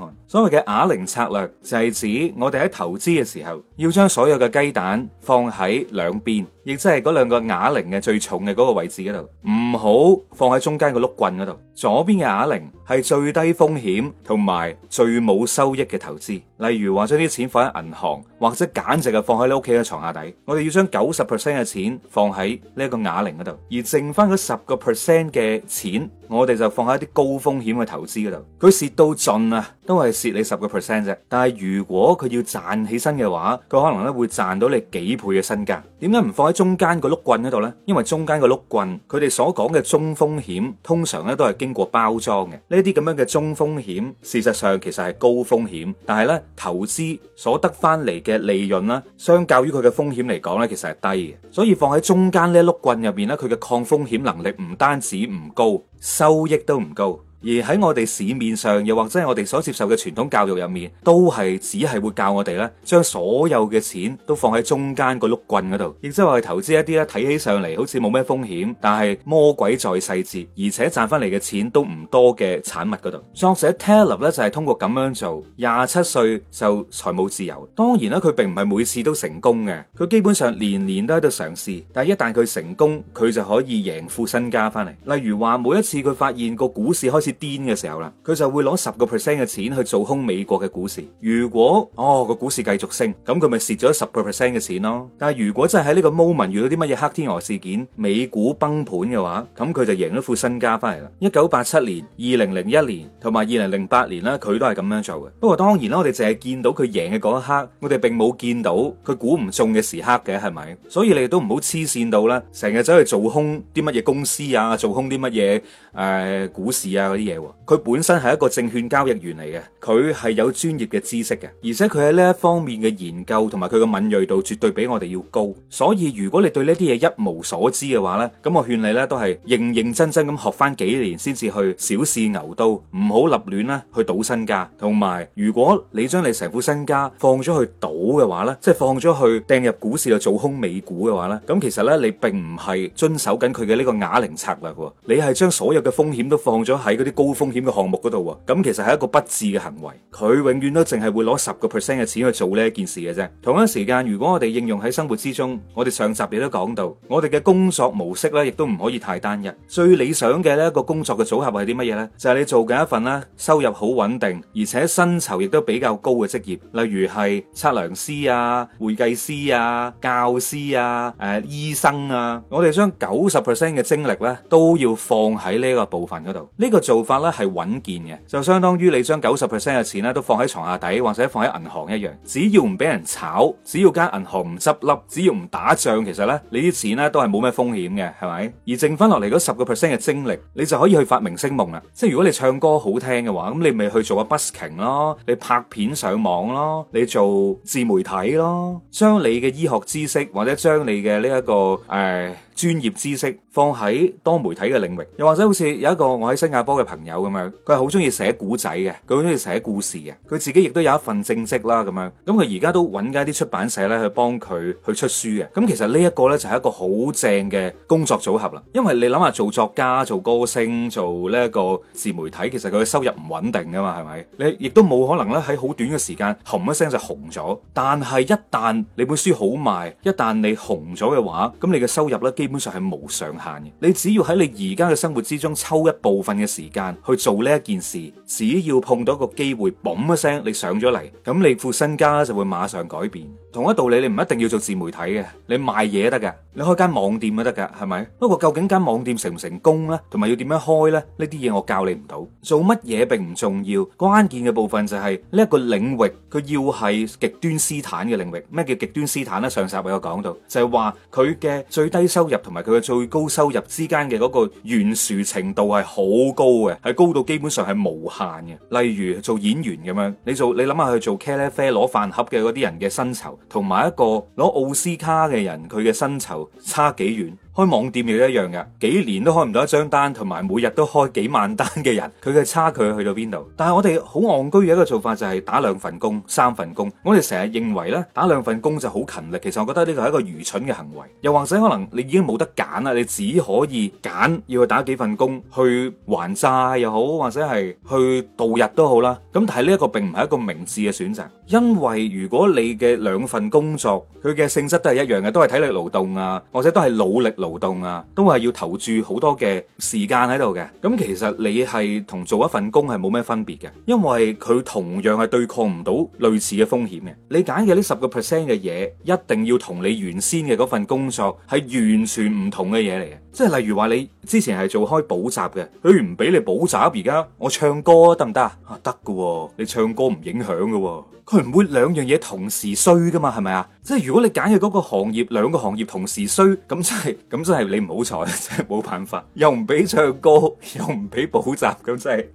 案。所謂嘅啞鈴策略就係指我哋喺投資嘅時候，要將所有嘅雞蛋放喺兩邊，亦即係嗰兩個啞鈴嘅最重嘅嗰個位置嗰度，唔好放喺中間個碌棍嗰度。左邊嘅啞鈴係最低風險同埋最冇收益嘅投資，例如話將啲錢放喺銀行或者簡直係放喺你屋企嘅床下底。我哋要將九十 percent 嘅錢放喺呢一個啞鈴嗰度，而剩翻嗰十個 percent 嘅錢，我哋就放喺啲高風險嘅投資嗰度。佢蝕到盡啊，都係蝕你十個 percent 啫。但係如果佢要賺起身嘅話，佢可能咧會賺到你幾倍嘅身家。點解唔放喺？中間個碌棍嗰度咧，因為中間個碌棍，佢哋所講嘅中風險，通常咧都係經過包裝嘅。呢一啲咁樣嘅中風險，事實上其實係高風險，但係咧投資所得翻嚟嘅利潤呢，相較於佢嘅風險嚟講咧，其實係低嘅。所以放喺中間呢一碌棍入面咧，佢嘅抗風險能力唔單止唔高，收益都唔高。而喺我哋市面上，又或者係我哋所接受嘅傳統教育入面，都係只係會教我哋咧，將所有嘅錢都放喺中間個碌棍嗰度，亦即係話投資一啲咧睇起上嚟好似冇咩風險，但係魔鬼在細節，而且賺翻嚟嘅錢都唔多嘅產物嗰度。作者 Taleb 咧就係、是、通過咁樣做，廿七歲就財務自由。當然啦，佢並唔係每次都成功嘅，佢基本上年年都喺度嘗試，但係一旦佢成功，佢就可以贏副身家翻嚟。例如話每一次佢發現個股市開始。癲嘅時候啦，佢就會攞十個 percent 嘅錢去做空美國嘅股市。如果哦個股市繼續升，咁佢咪蝕咗十個 percent 嘅錢咯。但係如果真係喺呢個 moment 遇到啲乜嘢黑天鵝事件，美股崩盤嘅話，咁佢就贏咗副身家翻嚟啦。一九八七年、二零零一年同埋二零零八年咧，佢都係咁樣做嘅。不過當然啦，我哋淨係見到佢贏嘅嗰一刻，我哋並冇見到佢估唔中嘅時刻嘅，係咪？所以你都唔好黐線到啦，成日走去做空啲乜嘢公司啊，做空啲乜嘢誒股市啊。啲嘢喎，佢本身係一個證券交易員嚟嘅，佢係有專業嘅知識嘅，而且佢喺呢一方面嘅研究同埋佢嘅敏銳度絕對比我哋要高。所以如果你對呢啲嘢一無所知嘅話咧，咁我勸你咧都係認認真真咁學翻幾年先至去小試牛刀，唔好立亂啦去賭身家。同埋，如果你將你成副身家放咗去賭嘅話咧，即係放咗去掟入股市去做空美股嘅話咧，咁其實咧你並唔係遵守緊佢嘅呢個啞鈴策略，你係將所有嘅風險都放咗喺嗰啲。高風險嘅項目嗰度，咁其實係一個不智嘅行為。佢永遠都淨係會攞十個 percent 嘅錢去做呢一件事嘅啫。同一時間，如果我哋應用喺生活之中，我哋上集亦都講到，我哋嘅工作模式咧，亦都唔可以太單一。最理想嘅呢一個工作嘅組合係啲乜嘢呢？就係、是、你做緊一份咧收入好穩定，而且薪酬亦都比較高嘅職業，例如係測量師啊、會計師啊、教師啊、誒、啊、醫生啊。我哋將九十 percent 嘅精力咧，都要放喺呢個部分嗰度。呢、這個做做法咧係穩健嘅，就相當於你將九十 percent 嘅錢咧都放喺床下底或者放喺銀行一樣，只要唔俾人炒，只要間銀行唔執笠，只要唔打仗，其實咧你啲錢咧都係冇咩風險嘅，係咪？而剩翻落嚟嗰十個 percent 嘅精力，你就可以去發明星夢啦。即係如果你唱歌好聽嘅話，咁你咪去做個 busking 咯，你拍片上網咯，你做自媒體咯，將你嘅醫學知識或者將你嘅呢一個誒。哎專業知識放喺多媒體嘅領域，又或者好似有一個我喺新加坡嘅朋友咁樣，佢係好中意寫古仔嘅，佢好中意寫故事嘅，佢自己亦都有一份正職啦咁樣，咁佢而家都揾緊啲出版社咧去幫佢去出書嘅，咁其實呢一個呢，就係一個好正嘅工作組合啦，因為你諗下做作家、做歌星、做呢一個自媒體，其實佢嘅收入唔穩定噶嘛，係咪？你亦都冇可能咧喺好短嘅時間冚一聲就紅咗，但係一旦你本書好賣，一旦你紅咗嘅話，咁你嘅收入呢。基基本上係無上限嘅，你只要喺你而家嘅生活之中抽一部分嘅時間去做呢一件事，只要碰到個機會，嘣一聲你上咗嚟，咁你副身家就會馬上改變。同一道理，你唔一定要做自媒體嘅，你賣嘢都得噶，你開間網店都得噶，係咪？不過究竟間網店成唔成功呢，同埋要點樣開呢？呢啲嘢我教你唔到。做乜嘢並唔重要，關鍵嘅部分就係呢一個領域，佢要係極端斯坦嘅領域。咩叫極端斯坦呢？上集我講到就係話佢嘅最低收入。同埋佢嘅最高收入之間嘅嗰個懸殊程度係好高嘅，係高到基本上係無限嘅。例如做演員咁樣，你做你諗下去做茄哩啡攞飯盒嘅嗰啲人嘅薪酬，同埋一個攞奧斯卡嘅人佢嘅薪酬差幾遠？開網店亦都一樣嘅，幾年都開唔到一張單，同埋每日都開幾萬單嘅人，佢嘅差距去到邊度？但係我哋好戇居嘅一個做法就係打兩份工，三份工。我哋成日認為呢，打兩份工就好勤力，其實我覺得呢個係一個愚蠢嘅行為。又或者可能你已經冇得揀啦，你只可以揀要去打幾份工去還債又好，或者係去度日都好啦。咁但係呢一個並唔係一個明智嘅選擇，因為如果你嘅兩份工作佢嘅性質都係一樣嘅，都係體力勞動啊，或者都係努力。勞動啊，都係要投注好多嘅時間喺度嘅。咁其實你係同做一份工係冇咩分別嘅，因為佢同樣係對抗唔到類似嘅風險嘅。你揀嘅呢十個 percent 嘅嘢，一定要同你原先嘅嗰份工作係完全唔同嘅嘢嚟嘅。即係例如話你之前係做開補習嘅，佢唔俾你補習，而家我唱歌得唔得啊？得噶喎，你唱歌唔影響噶喎，佢唔會兩樣嘢同時衰噶嘛？係咪啊？即係如果你揀嘅嗰個行業，兩個行業同時衰，咁真係，咁真係你唔好彩，真係冇辦法，又唔畀唱歌，又唔畀補習，咁真係。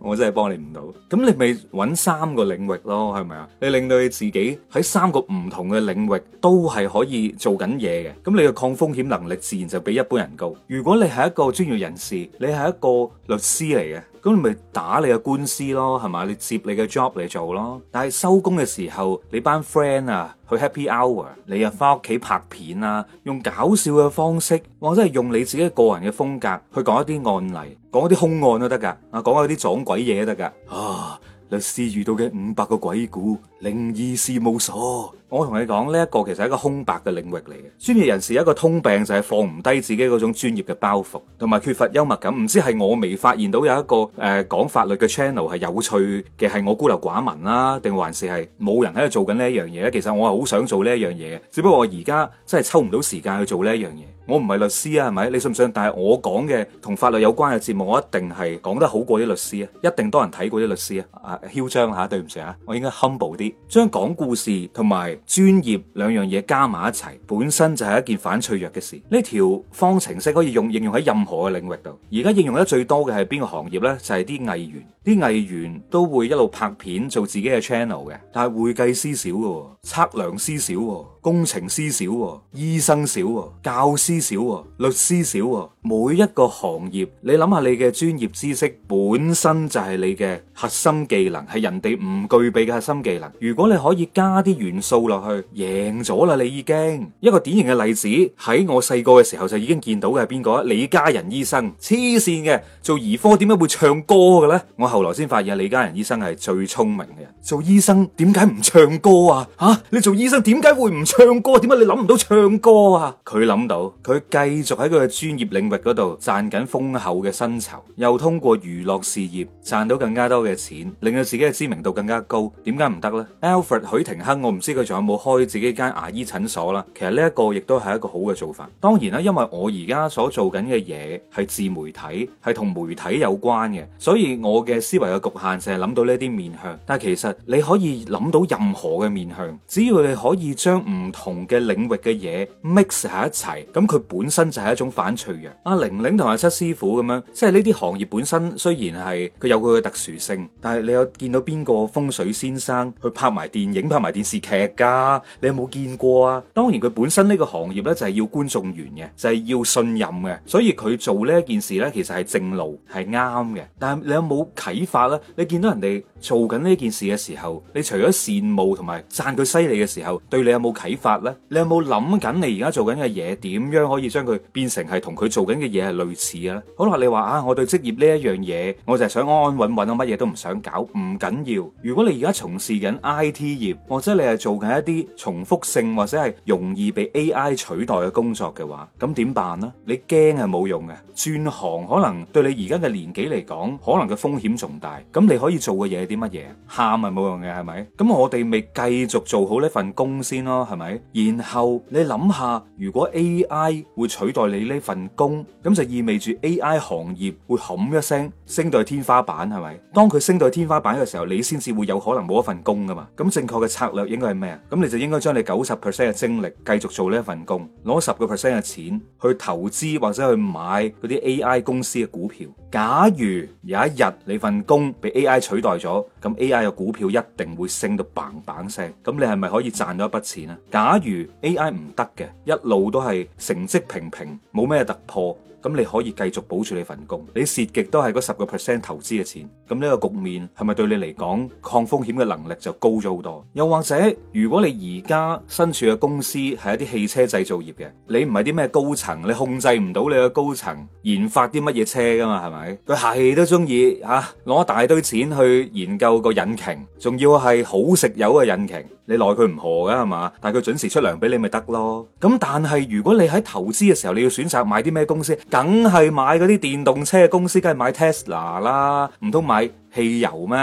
我真係幫你唔到，咁你咪揾三個領域咯，係咪啊？你令到你自己喺三個唔同嘅領域都係可以做緊嘢嘅，咁你嘅抗風險能力自然就比一般人高。如果你係一個專業人士，你係一個律師嚟嘅，咁你咪打你嘅官司咯，係嘛？你接你嘅 job 嚟做咯。但係收工嘅時候，你班 friend 啊去 happy hour，你啊返屋企拍片啊，用搞笑嘅方式。我真係用你自己個人嘅風格去講一啲案例，講一啲兇案都得㗎，啊，講下啲撞鬼嘢都得㗎。啊，律師遇到嘅五百個鬼故，靈異事務所。我同你講，呢一個其實係一個空白嘅領域嚟嘅。專業人士有一個通病就係放唔低自己嗰種專業嘅包袱，同埋缺乏幽默感。唔知係我未發現到有一個誒講法律嘅 channel 係有趣嘅，係我孤陋寡聞啦，定還是係冇人喺度做緊呢一樣嘢咧？其實我係好想做呢一樣嘢，只不過我而家真係抽唔到時間去做呢一樣嘢。我唔係律師啊，係咪？你信唔信？但係我講嘅同法律有關嘅節目，我一定係講得好過啲律師啊，一定多人睇過啲律師啊。啊，囂張嚇，對唔住嚇，我應該 humble 啲，將講故事同埋。專業兩樣嘢加埋一齊，本身就係一件反脆弱嘅事。呢條方程式可以用應用喺任何嘅領域度。而家應用得最多嘅係邊個行業呢？就係啲藝員，啲藝員都會一路拍片做自己嘅 channel 嘅。但係會計師少嘅，測量師少。工程師少、啊，醫生少、啊，教師少、啊，律師少、啊，每一個行業，你諗下你嘅專業知識本身就係你嘅核心技能，係人哋唔具備嘅核心技能。如果你可以加啲元素落去，贏咗啦！你已經一個典型嘅例子，喺我細個嘅時候就已經見到嘅係邊個啊？李家仁醫生，黐線嘅，做兒科點解會唱歌嘅呢？我後來先發現李家仁醫生係最聰明嘅人，做醫生點解唔唱歌啊？吓、啊，你做醫生點解會唔？唱歌點解你諗唔到唱歌啊？佢諗到，佢繼續喺佢嘅專業領域嗰度賺緊豐厚嘅薪酬，又通過娛樂事業賺到更加多嘅錢，令到自己嘅知名度更加高。點解唔得呢？Alfred 許廷鏗，我唔知佢仲有冇開自己間牙醫診所啦。其實呢一個亦都係一個好嘅做法。當然啦，因為我而家所做緊嘅嘢係自媒體，係同媒體有關嘅，所以我嘅思維嘅局限就係諗到呢啲面向。但係其實你可以諗到任何嘅面向，只要你可以將唔唔同嘅領域嘅嘢 mix 喺一齊，咁佢本身就係一種反脆弱。阿、啊、玲玲同阿、啊、七師傅咁樣，即係呢啲行業本身雖然係佢有佢嘅特殊性，但係你有見到邊個風水先生去拍埋電影、拍埋電視劇噶、啊？你有冇見過啊？當然佢本身呢個行業呢，就係、是、要觀眾緣嘅，就係、是、要信任嘅，所以佢做呢一件事呢，其實係正路，係啱嘅。但係你有冇啟發呢？你見到人哋做緊呢件事嘅時候，你除咗羨慕同埋讚佢犀利嘅時候，對你有冇啟？睇法咧，你有冇諗緊你而家做緊嘅嘢點樣可以將佢變成係同佢做緊嘅嘢係類似嘅咧？好啦，你話啊，我對職業呢一樣嘢，我就係想安安穩穩，我乜嘢都唔想搞，唔緊要。如果你而家從事緊 IT 業，或者你係做緊一啲重複性或者係容易被 AI 取代嘅工作嘅話，咁點辦咧？你驚係冇用嘅，轉行可能對你而家嘅年紀嚟講，可能嘅風險仲大。咁你可以做嘅嘢係啲乜嘢？喊係冇用嘅，係咪？咁我哋咪繼續做好呢份工先咯，係。然後你諗下，如果 A.I. 會取代你呢份工，咁就意味住 A.I. 行業會冚一聲升到去天花板，係咪？當佢升到去天花板嘅時候，你先至會有可能冇一份工噶嘛？咁正確嘅策略應該係咩啊？咁你就應該將你九十 percent 嘅精力繼續做呢一份工，攞十個 percent 嘅錢去投資或者去買嗰啲 A.I. 公司嘅股票。假如有一日你份工被 A.I. 取代咗。咁 AI 嘅股票一定會升到棒棒聲，咁你係咪可以賺到一筆錢咧？假如 AI 唔得嘅，一路都係成績平平，冇咩突破。咁你可以繼續保住你份工，你蝕極都係嗰十個 percent 投資嘅錢。咁呢個局面係咪對你嚟講抗風險嘅能力就高咗好多？又或者如果你而家身處嘅公司係一啲汽車製造業嘅，你唔係啲咩高層，你控制唔到你嘅高層研發啲乜嘢車㗎嘛？係咪？佢係都中意嚇攞大堆錢去研究個引擎，仲要係好食油嘅引擎，你奈佢唔何㗎係嘛？但係佢準時出糧俾你咪得咯。咁但係如果你喺投資嘅時候，你要選擇買啲咩公司？梗係買嗰啲電動車嘅公司，梗係買 Tesla 啦，唔通買汽油咩？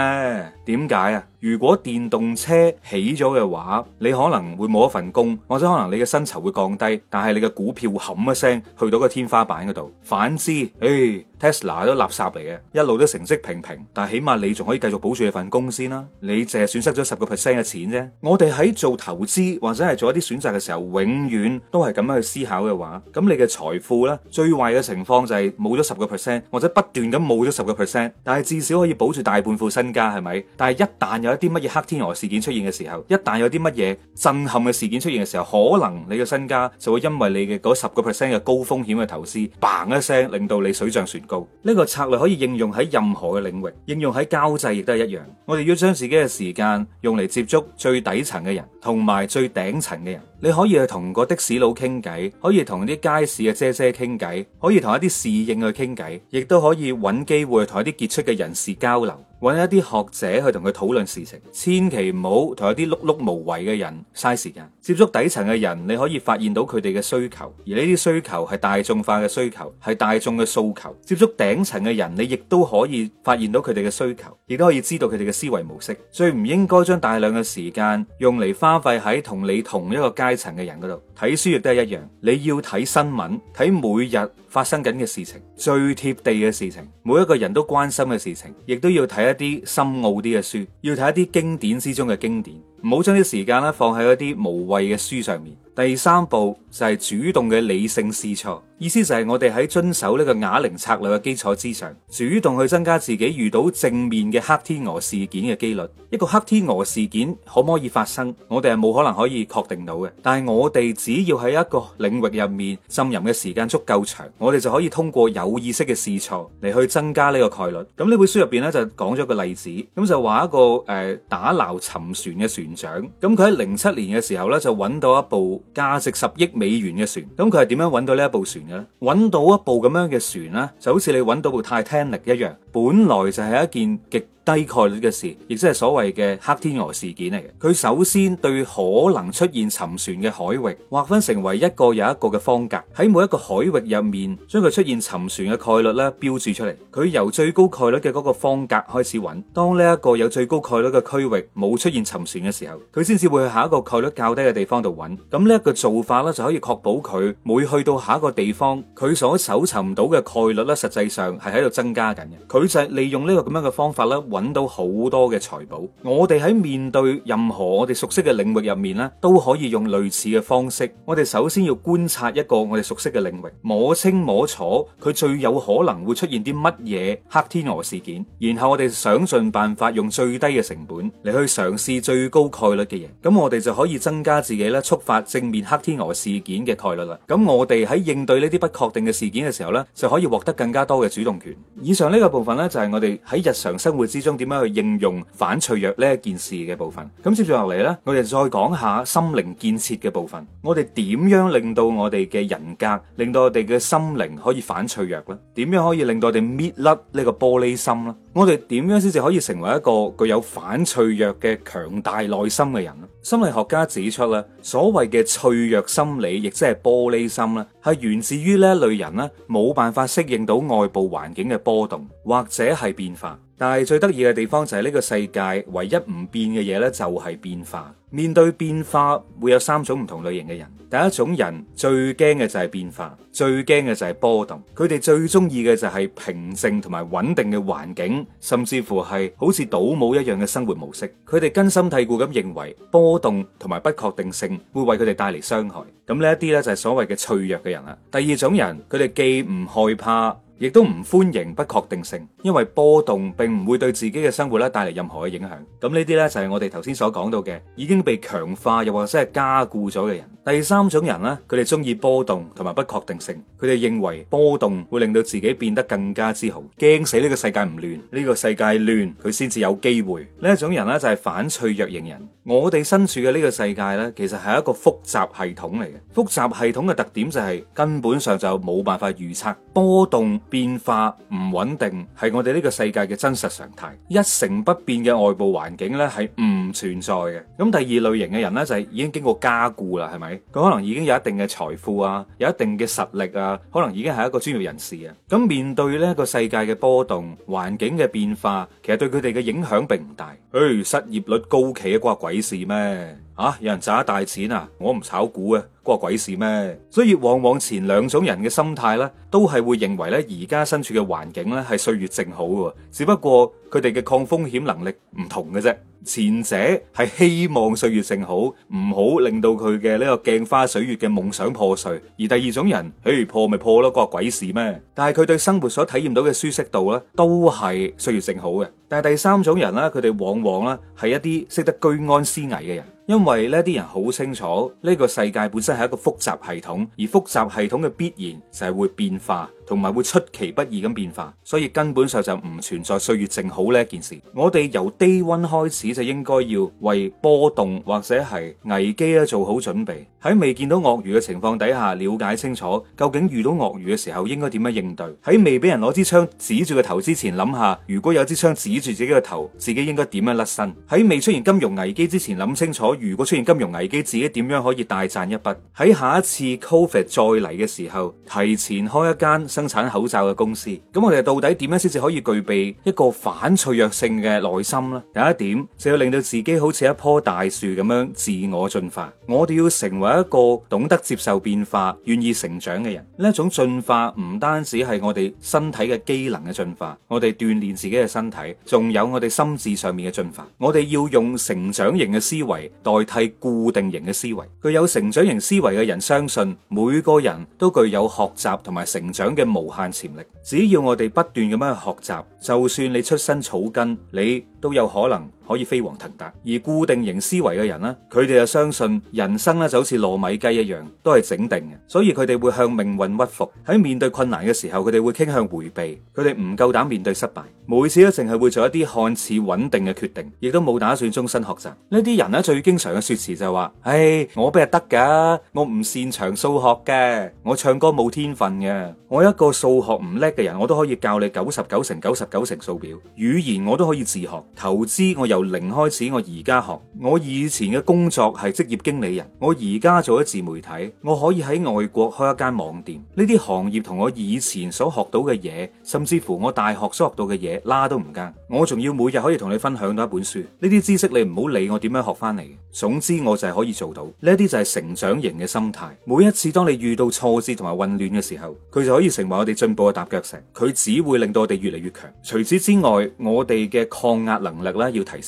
點解啊？如果電動車起咗嘅話，你可能會冇一份工，或者可能你嘅薪酬會降低，但係你嘅股票會冚一聲去到個天花板嗰度。反之，誒、哎、Tesla 都垃圾嚟嘅，一路都成績平平，但係起碼你仲可以繼續保住你份工先啦、啊。你淨係損失咗十個 percent 嘅錢啫。我哋喺做投資或者係做一啲選擇嘅時候，永遠都係咁樣去思考嘅話，咁你嘅財富呢，最壞嘅情況就係冇咗十個 percent，或者不斷咁冇咗十個 percent，但係至少可以保大半副身家係咪？但係一旦有一啲乜嘢黑天鵝事件出現嘅時候，一旦有啲乜嘢震撼嘅事件出現嘅時候，可能你嘅身家就會因為你嘅嗰十個 percent 嘅高風險嘅投資，嘭一聲令到你水漲船高。呢個策略可以應用喺任何嘅領域，應用喺交際亦都係一樣。我哋要將自己嘅時間用嚟接觸最底層嘅人，同埋最頂層嘅人。你可以去同個的士佬傾偈，可以同啲街市嘅姐姐傾偈，可以同一啲侍應去傾偈，亦都可以揾機會同一啲傑出嘅人士交流。揾一啲學者去同佢討論事情，千祈唔好同一啲碌碌無為嘅人嘥時間。接觸底層嘅人，你可以發現到佢哋嘅需求，而呢啲需求係大眾化嘅需求，係大眾嘅訴求。接觸頂層嘅人，你亦都可以發現到佢哋嘅需求，亦都可以知道佢哋嘅思維模式。最唔應該將大量嘅時間用嚟花費喺同你同一個階層嘅人嗰度。睇書亦都係一樣，你要睇新聞，睇每日發生緊嘅事情，最貼地嘅事情，每一個人都關心嘅事情，亦都要睇一啲深奧啲嘅書，要睇一啲經典之中嘅經典，唔好將啲時間咧放喺一啲無謂嘅書上面。第三步就係、是、主動嘅理性試錯，意思就係我哋喺遵守呢個啞鈴策略嘅基礎之上，主動去增加自己遇到正面嘅黑天鵝事件嘅幾率。一個黑天鵝事件可唔可以發生，我哋係冇可能可以確定到嘅。但係我哋只要喺一個領域入面浸淫嘅時間足夠長，我哋就可以通過有意識嘅試錯嚟,去增加呢個概率。咁呢本書入邊咧就講咗個例子，咁就話一個誒、呃、打撈沉船嘅船長，咁佢喺零七年嘅時候咧就揾到一部。價值十億美元嘅船，咁佢係點樣揾到呢一部船嘅咧？揾到一部咁樣嘅船咧，就好似你揾到部泰坦尼克一樣，本來就係一件極。低概率嘅事，亦即係所謂嘅黑天鵝事件嚟嘅。佢首先對可能出現沉船嘅海域劃分成為一個又一個嘅方格，喺每一個海域入面，將佢出現沉船嘅概率咧標注出嚟。佢由最高概率嘅嗰個方格開始揾，當呢一個有最高概率嘅區域冇出現沉船嘅時候，佢先至會去下一個概率較低嘅地方度揾。咁呢一個做法咧就可以確保佢每去到下一個地方，佢所搜尋到嘅概率咧，實際上係喺度增加緊嘅。佢就係利用呢個咁樣嘅方法咧。揾到好多嘅財寶。我哋喺面對任何我哋熟悉嘅領域入面咧，都可以用類似嘅方式。我哋首先要觀察一個我哋熟悉嘅領域，摸清摸楚佢最有可能會出現啲乜嘢黑天鵝事件。然後我哋想盡辦法用最低嘅成本嚟去嘗試最高概率嘅嘢。咁我哋就可以增加自己咧觸發正面黑天鵝事件嘅概率啦。咁我哋喺應對呢啲不確定嘅事件嘅時候呢，就可以獲得更加多嘅主動權。以上呢個部分呢，就係我哋喺日常生活之中。點樣去應用反脆弱呢一件事嘅部分？咁接住落嚟，呢，我哋再講下心靈建設嘅部分。我哋點樣令到我哋嘅人格，令到我哋嘅心靈可以反脆弱呢？點樣可以令到我哋搣甩呢個玻璃心呢？我哋點樣先至可以成為一個具有反脆弱嘅強大內心嘅人？心理學家指出咧，所謂嘅脆弱心理，亦即係玻璃心咧，係源自於呢一類人咧，冇辦法適應到外部環境嘅波動，或者係變化。但係最得意嘅地方就係呢個世界唯一唔變嘅嘢，呢就係變化。面對變化會有三種唔同類型嘅人，第一種人最驚嘅就係變化，最驚嘅就係波動，佢哋最中意嘅就係平靜同埋穩定嘅環境，甚至乎係好似倒模一樣嘅生活模式，佢哋根深蒂固咁認為波動同埋不確定性會為佢哋帶嚟傷害，咁呢一啲呢，就係、是、所謂嘅脆弱嘅人啦。第二種人，佢哋既唔害怕。亦都唔歡迎不確定性，因為波動並唔會對自己嘅生活咧帶嚟任何嘅影響。咁呢啲呢就係我哋頭先所講到嘅，已經被強化又或者係加固咗嘅人。第三種人呢，佢哋中意波動同埋不確定性，佢哋認為波動會令到自己變得更加之好，驚死呢個世界唔亂，呢個世界亂佢先至有機會。呢一種人呢就係反脆弱型人。我哋身處嘅呢個世界呢，其實係一個複雜系統嚟嘅。複雜系統嘅特點就係根本上就冇辦法預測波動。變化唔穩定係我哋呢個世界嘅真實常態，一成不變嘅外部環境呢係唔存在嘅。咁第二類型嘅人呢，就係已經經過加固啦，係咪？佢可能已經有一定嘅財富啊，有一定嘅實力啊，可能已經係一個專業人士啊。咁面對呢個世界嘅波動、環境嘅變化，其實對佢哋嘅影響並唔大。誒，失業率高企啊，關我鬼事咩？吓，有人賺大錢啊！我唔炒股啊，關我鬼事咩？所以往往前兩種人嘅心態呢，都係會認為呢，而家身處嘅環境呢係歲月靜好嘅。只不過佢哋嘅抗風險能力唔同嘅啫。前者係希望歲月靜好，唔好令到佢嘅呢個鏡花水月嘅夢想破碎；而第二種人，誒，破咪破咯，關我鬼事咩？但係佢對生活所體驗到嘅舒適度呢，都係歲月靜好嘅。但係第三種人呢，佢哋往往呢係一啲識得居安思危嘅人。因為呢啲人好清楚呢個世界本身係一個複雜系統，而複雜系統嘅必然就係會變化。同埋會出其不意咁變化，所以根本上就唔存在歲月靜好呢一件事。我哋由低溫開始就應該要為波動或者係危機咧做好準備。喺未見到鱷魚嘅情況底下，了解清楚究竟遇到鱷魚嘅時候應該點樣應對。喺未俾人攞支槍指住個頭之前想想，諗下如果有支槍指住自己個頭，自己應該點樣甩身。喺未出現金融危機之前，諗清楚如果出現金融危機，自己點樣可以大賺一筆。喺下一次 Covid 再嚟嘅時候，提前開一間生產口罩嘅公司，咁我哋到底點樣先至可以具備一個反脆弱性嘅內心呢？第一點就要令到自己好似一棵大樹咁樣自我進化。我哋要成為一個懂得接受變化、願意成長嘅人。呢種進化唔單止係我哋身體嘅機能嘅進化，我哋鍛煉自己嘅身體，仲有我哋心智上面嘅進化。我哋要用成長型嘅思維代替固定型嘅思維。具有成長型思維嘅人，相信每個人都具有學習同埋成長嘅無限潛力，只要我哋不斷咁樣去學習，就算你出身草根，你都有可能。可以飛黃騰達，而固定型思維嘅人呢，佢哋就相信人生呢，就好似糯米雞一樣，都係整定嘅，所以佢哋會向命運屈服。喺面對困難嘅時候，佢哋會傾向回避，佢哋唔夠膽面對失敗，每次都淨係會做一啲看似穩定嘅決定，亦都冇打算終身學習。呢啲人呢，最經常嘅說辭就係話：唉、哎，我邊係得噶，我唔擅長數學嘅，我唱歌冇天分嘅，我一個數學唔叻嘅人，我都可以教你九十九乘九十九乘數表，語言我都可以自學，投資我有。由零開始，我而家學。我以前嘅工作係職業經理人，我而家做咗自媒體，我可以喺外國開一間網店。呢啲行業同我以前所學到嘅嘢，甚至乎我大學所學到嘅嘢，拉都唔夾。我仲要每日可以同你分享到一本書，呢啲知識你唔好理我點樣學翻嚟。總之，我就係可以做到呢啲，就係成長型嘅心態。每一次當你遇到挫折同埋混亂嘅時候，佢就可以成為我哋進步嘅踏腳石。佢只會令到我哋越嚟越強。除此之外，我哋嘅抗壓能力呢，要提升。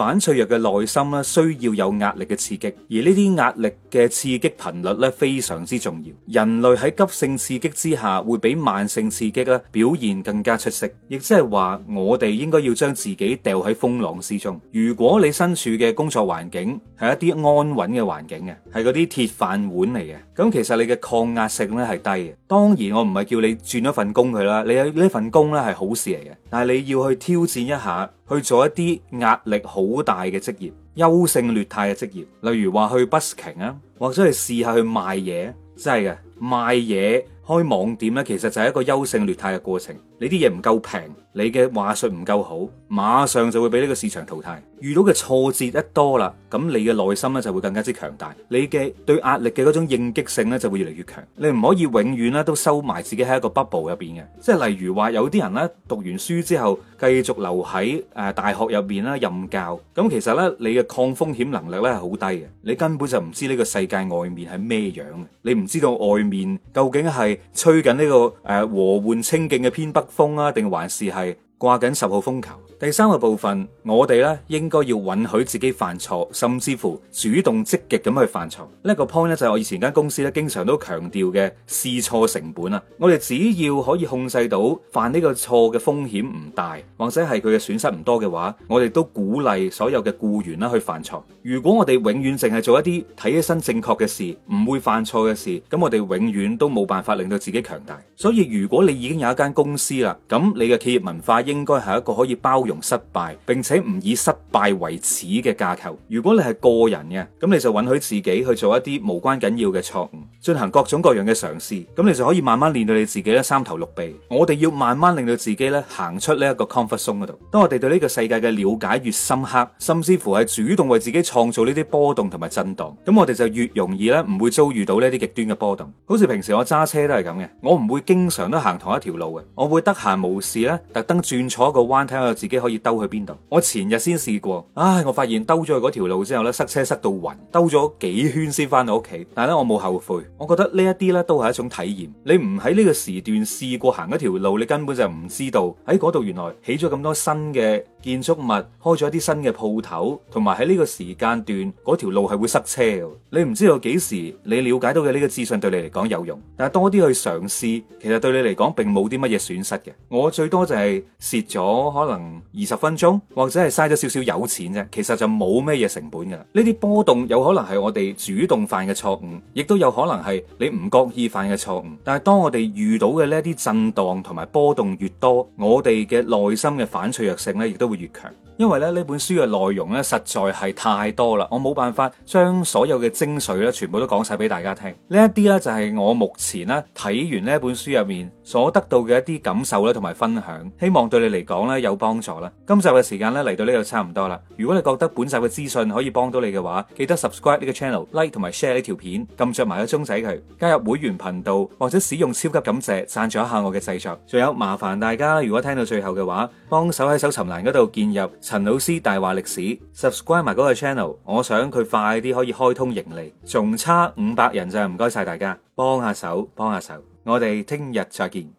反脆弱嘅內心咧，需要有壓力嘅刺激，而呢啲壓力嘅刺激頻率咧，非常之重要。人類喺急性刺激之下，會比慢性刺激咧表現更加出色。亦即係話，我哋應該要將自己掉喺風浪之中。如果你身處嘅工作環境係一啲安穩嘅環境嘅，係嗰啲鐵飯碗嚟嘅，咁其實你嘅抗壓性咧係低嘅。當然，我唔係叫你轉咗份工佢啦，你有呢份工咧係好事嚟嘅，但係你要去挑戰一下，去做一啲壓力好，好大嘅職業，優勝劣汰嘅職業，例如話去 busking 啊，或者去試下去賣嘢，真係嘅賣嘢。開網店呢，其實就係一個優勝劣汰嘅過程。你啲嘢唔夠平，你嘅話術唔夠好，馬上就會俾呢個市場淘汰。遇到嘅挫折一多啦，咁你嘅內心呢就會更加之強大。你嘅對壓力嘅嗰種應激性呢就會越嚟越強。你唔可以永遠呢都收埋自己喺一個 bubble 入邊嘅。即係例如話有啲人呢讀完書之後，繼續留喺誒大學入邊啦任教。咁其實呢，你嘅抗風險能力呢係好低嘅。你根本就唔知呢個世界外面係咩樣嘅。你唔知道外面究竟係。吹緊呢個誒和緩清勁嘅偏北風啊，定還是係？掛緊十號風球。第三個部分，我哋咧應該要允許自己犯錯，甚至乎主動積極咁去犯錯。呢一個 point 咧就係我以前間公司咧經常都強調嘅試錯成本啊。我哋只要可以控制到犯呢個錯嘅風險唔大，或者係佢嘅損失唔多嘅話，我哋都鼓勵所有嘅僱員啦去犯錯。如果我哋永遠淨係做一啲睇起身正確嘅事，唔會犯錯嘅事，咁我哋永遠都冇辦法令到自己強大。所以如果你已經有一間公司啦，咁你嘅企業文化。應該係一個可以包容失敗，並且唔以失敗為恥嘅架構。如果你係個人嘅，咁你就允許自己去做一啲無關緊要嘅錯誤，進行各種各樣嘅嘗試，咁你就可以慢慢練到你自己咧三頭六臂。我哋要慢慢令到自己咧行出呢一個 comfort zone 嗰度。當我哋對呢個世界嘅了解越深刻，甚至乎係主動為自己創造呢啲波動同埋震盪，咁我哋就越容易咧唔會遭遇到呢啲極端嘅波動。好似平時我揸車都係咁嘅，我唔會經常都行同一條路嘅，我會得閒無事咧特登轉。亂坐一個彎，睇下自己可以兜去邊度。我前日先試過，唉，我發現兜咗去嗰條路之後呢，塞車塞到暈，兜咗幾圈先翻到屋企。但係咧，我冇後悔，我覺得呢一啲呢都係一種體驗。你唔喺呢個時段試過行嗰條路，你根本就唔知道喺嗰度原來起咗咁多新嘅。建築物開咗一啲新嘅鋪頭，同埋喺呢個時間段嗰條路係會塞車。你唔知道幾時你了解到嘅呢個資訊對你嚟講有用，但係多啲去嘗試，其實對你嚟講並冇啲乜嘢損失嘅。我最多就係蝕咗可能二十分鐘，或者係嘥咗少少油錢啫。其實就冇咩嘢成本噶。呢啲波動有可能係我哋主動犯嘅錯誤，亦都有可能係你唔覺意犯嘅錯誤。但係當我哋遇到嘅呢啲震盪同埋波動越多，我哋嘅內心嘅反脆弱性呢，亦都。會越強，因為咧呢本書嘅內容咧實在係太多啦，我冇辦法將所有嘅精髓咧全部都講晒俾大家聽。呢一啲呢就係我目前咧睇完呢本書入面所得到嘅一啲感受啦，同埋分享。希望對你嚟講呢有幫助啦。今集嘅時間咧嚟到呢度差唔多啦。如果你覺得本集嘅資訊可以幫到你嘅話，記得 subscribe 呢個 channel，like 同埋 share 呢條片，撳着埋個鐘仔佢，加入會員頻道或者使用超級感謝讚助一下我嘅製作。仲有麻煩大家，如果聽到最後嘅話，幫手喺搜尋欄嗰度。度進入陳老師大話歷史 subscribe 埋嗰個 channel，我想佢快啲可以開通盈利，仲差五百人就，唔該晒大家幫下手幫下手，我哋聽日再見。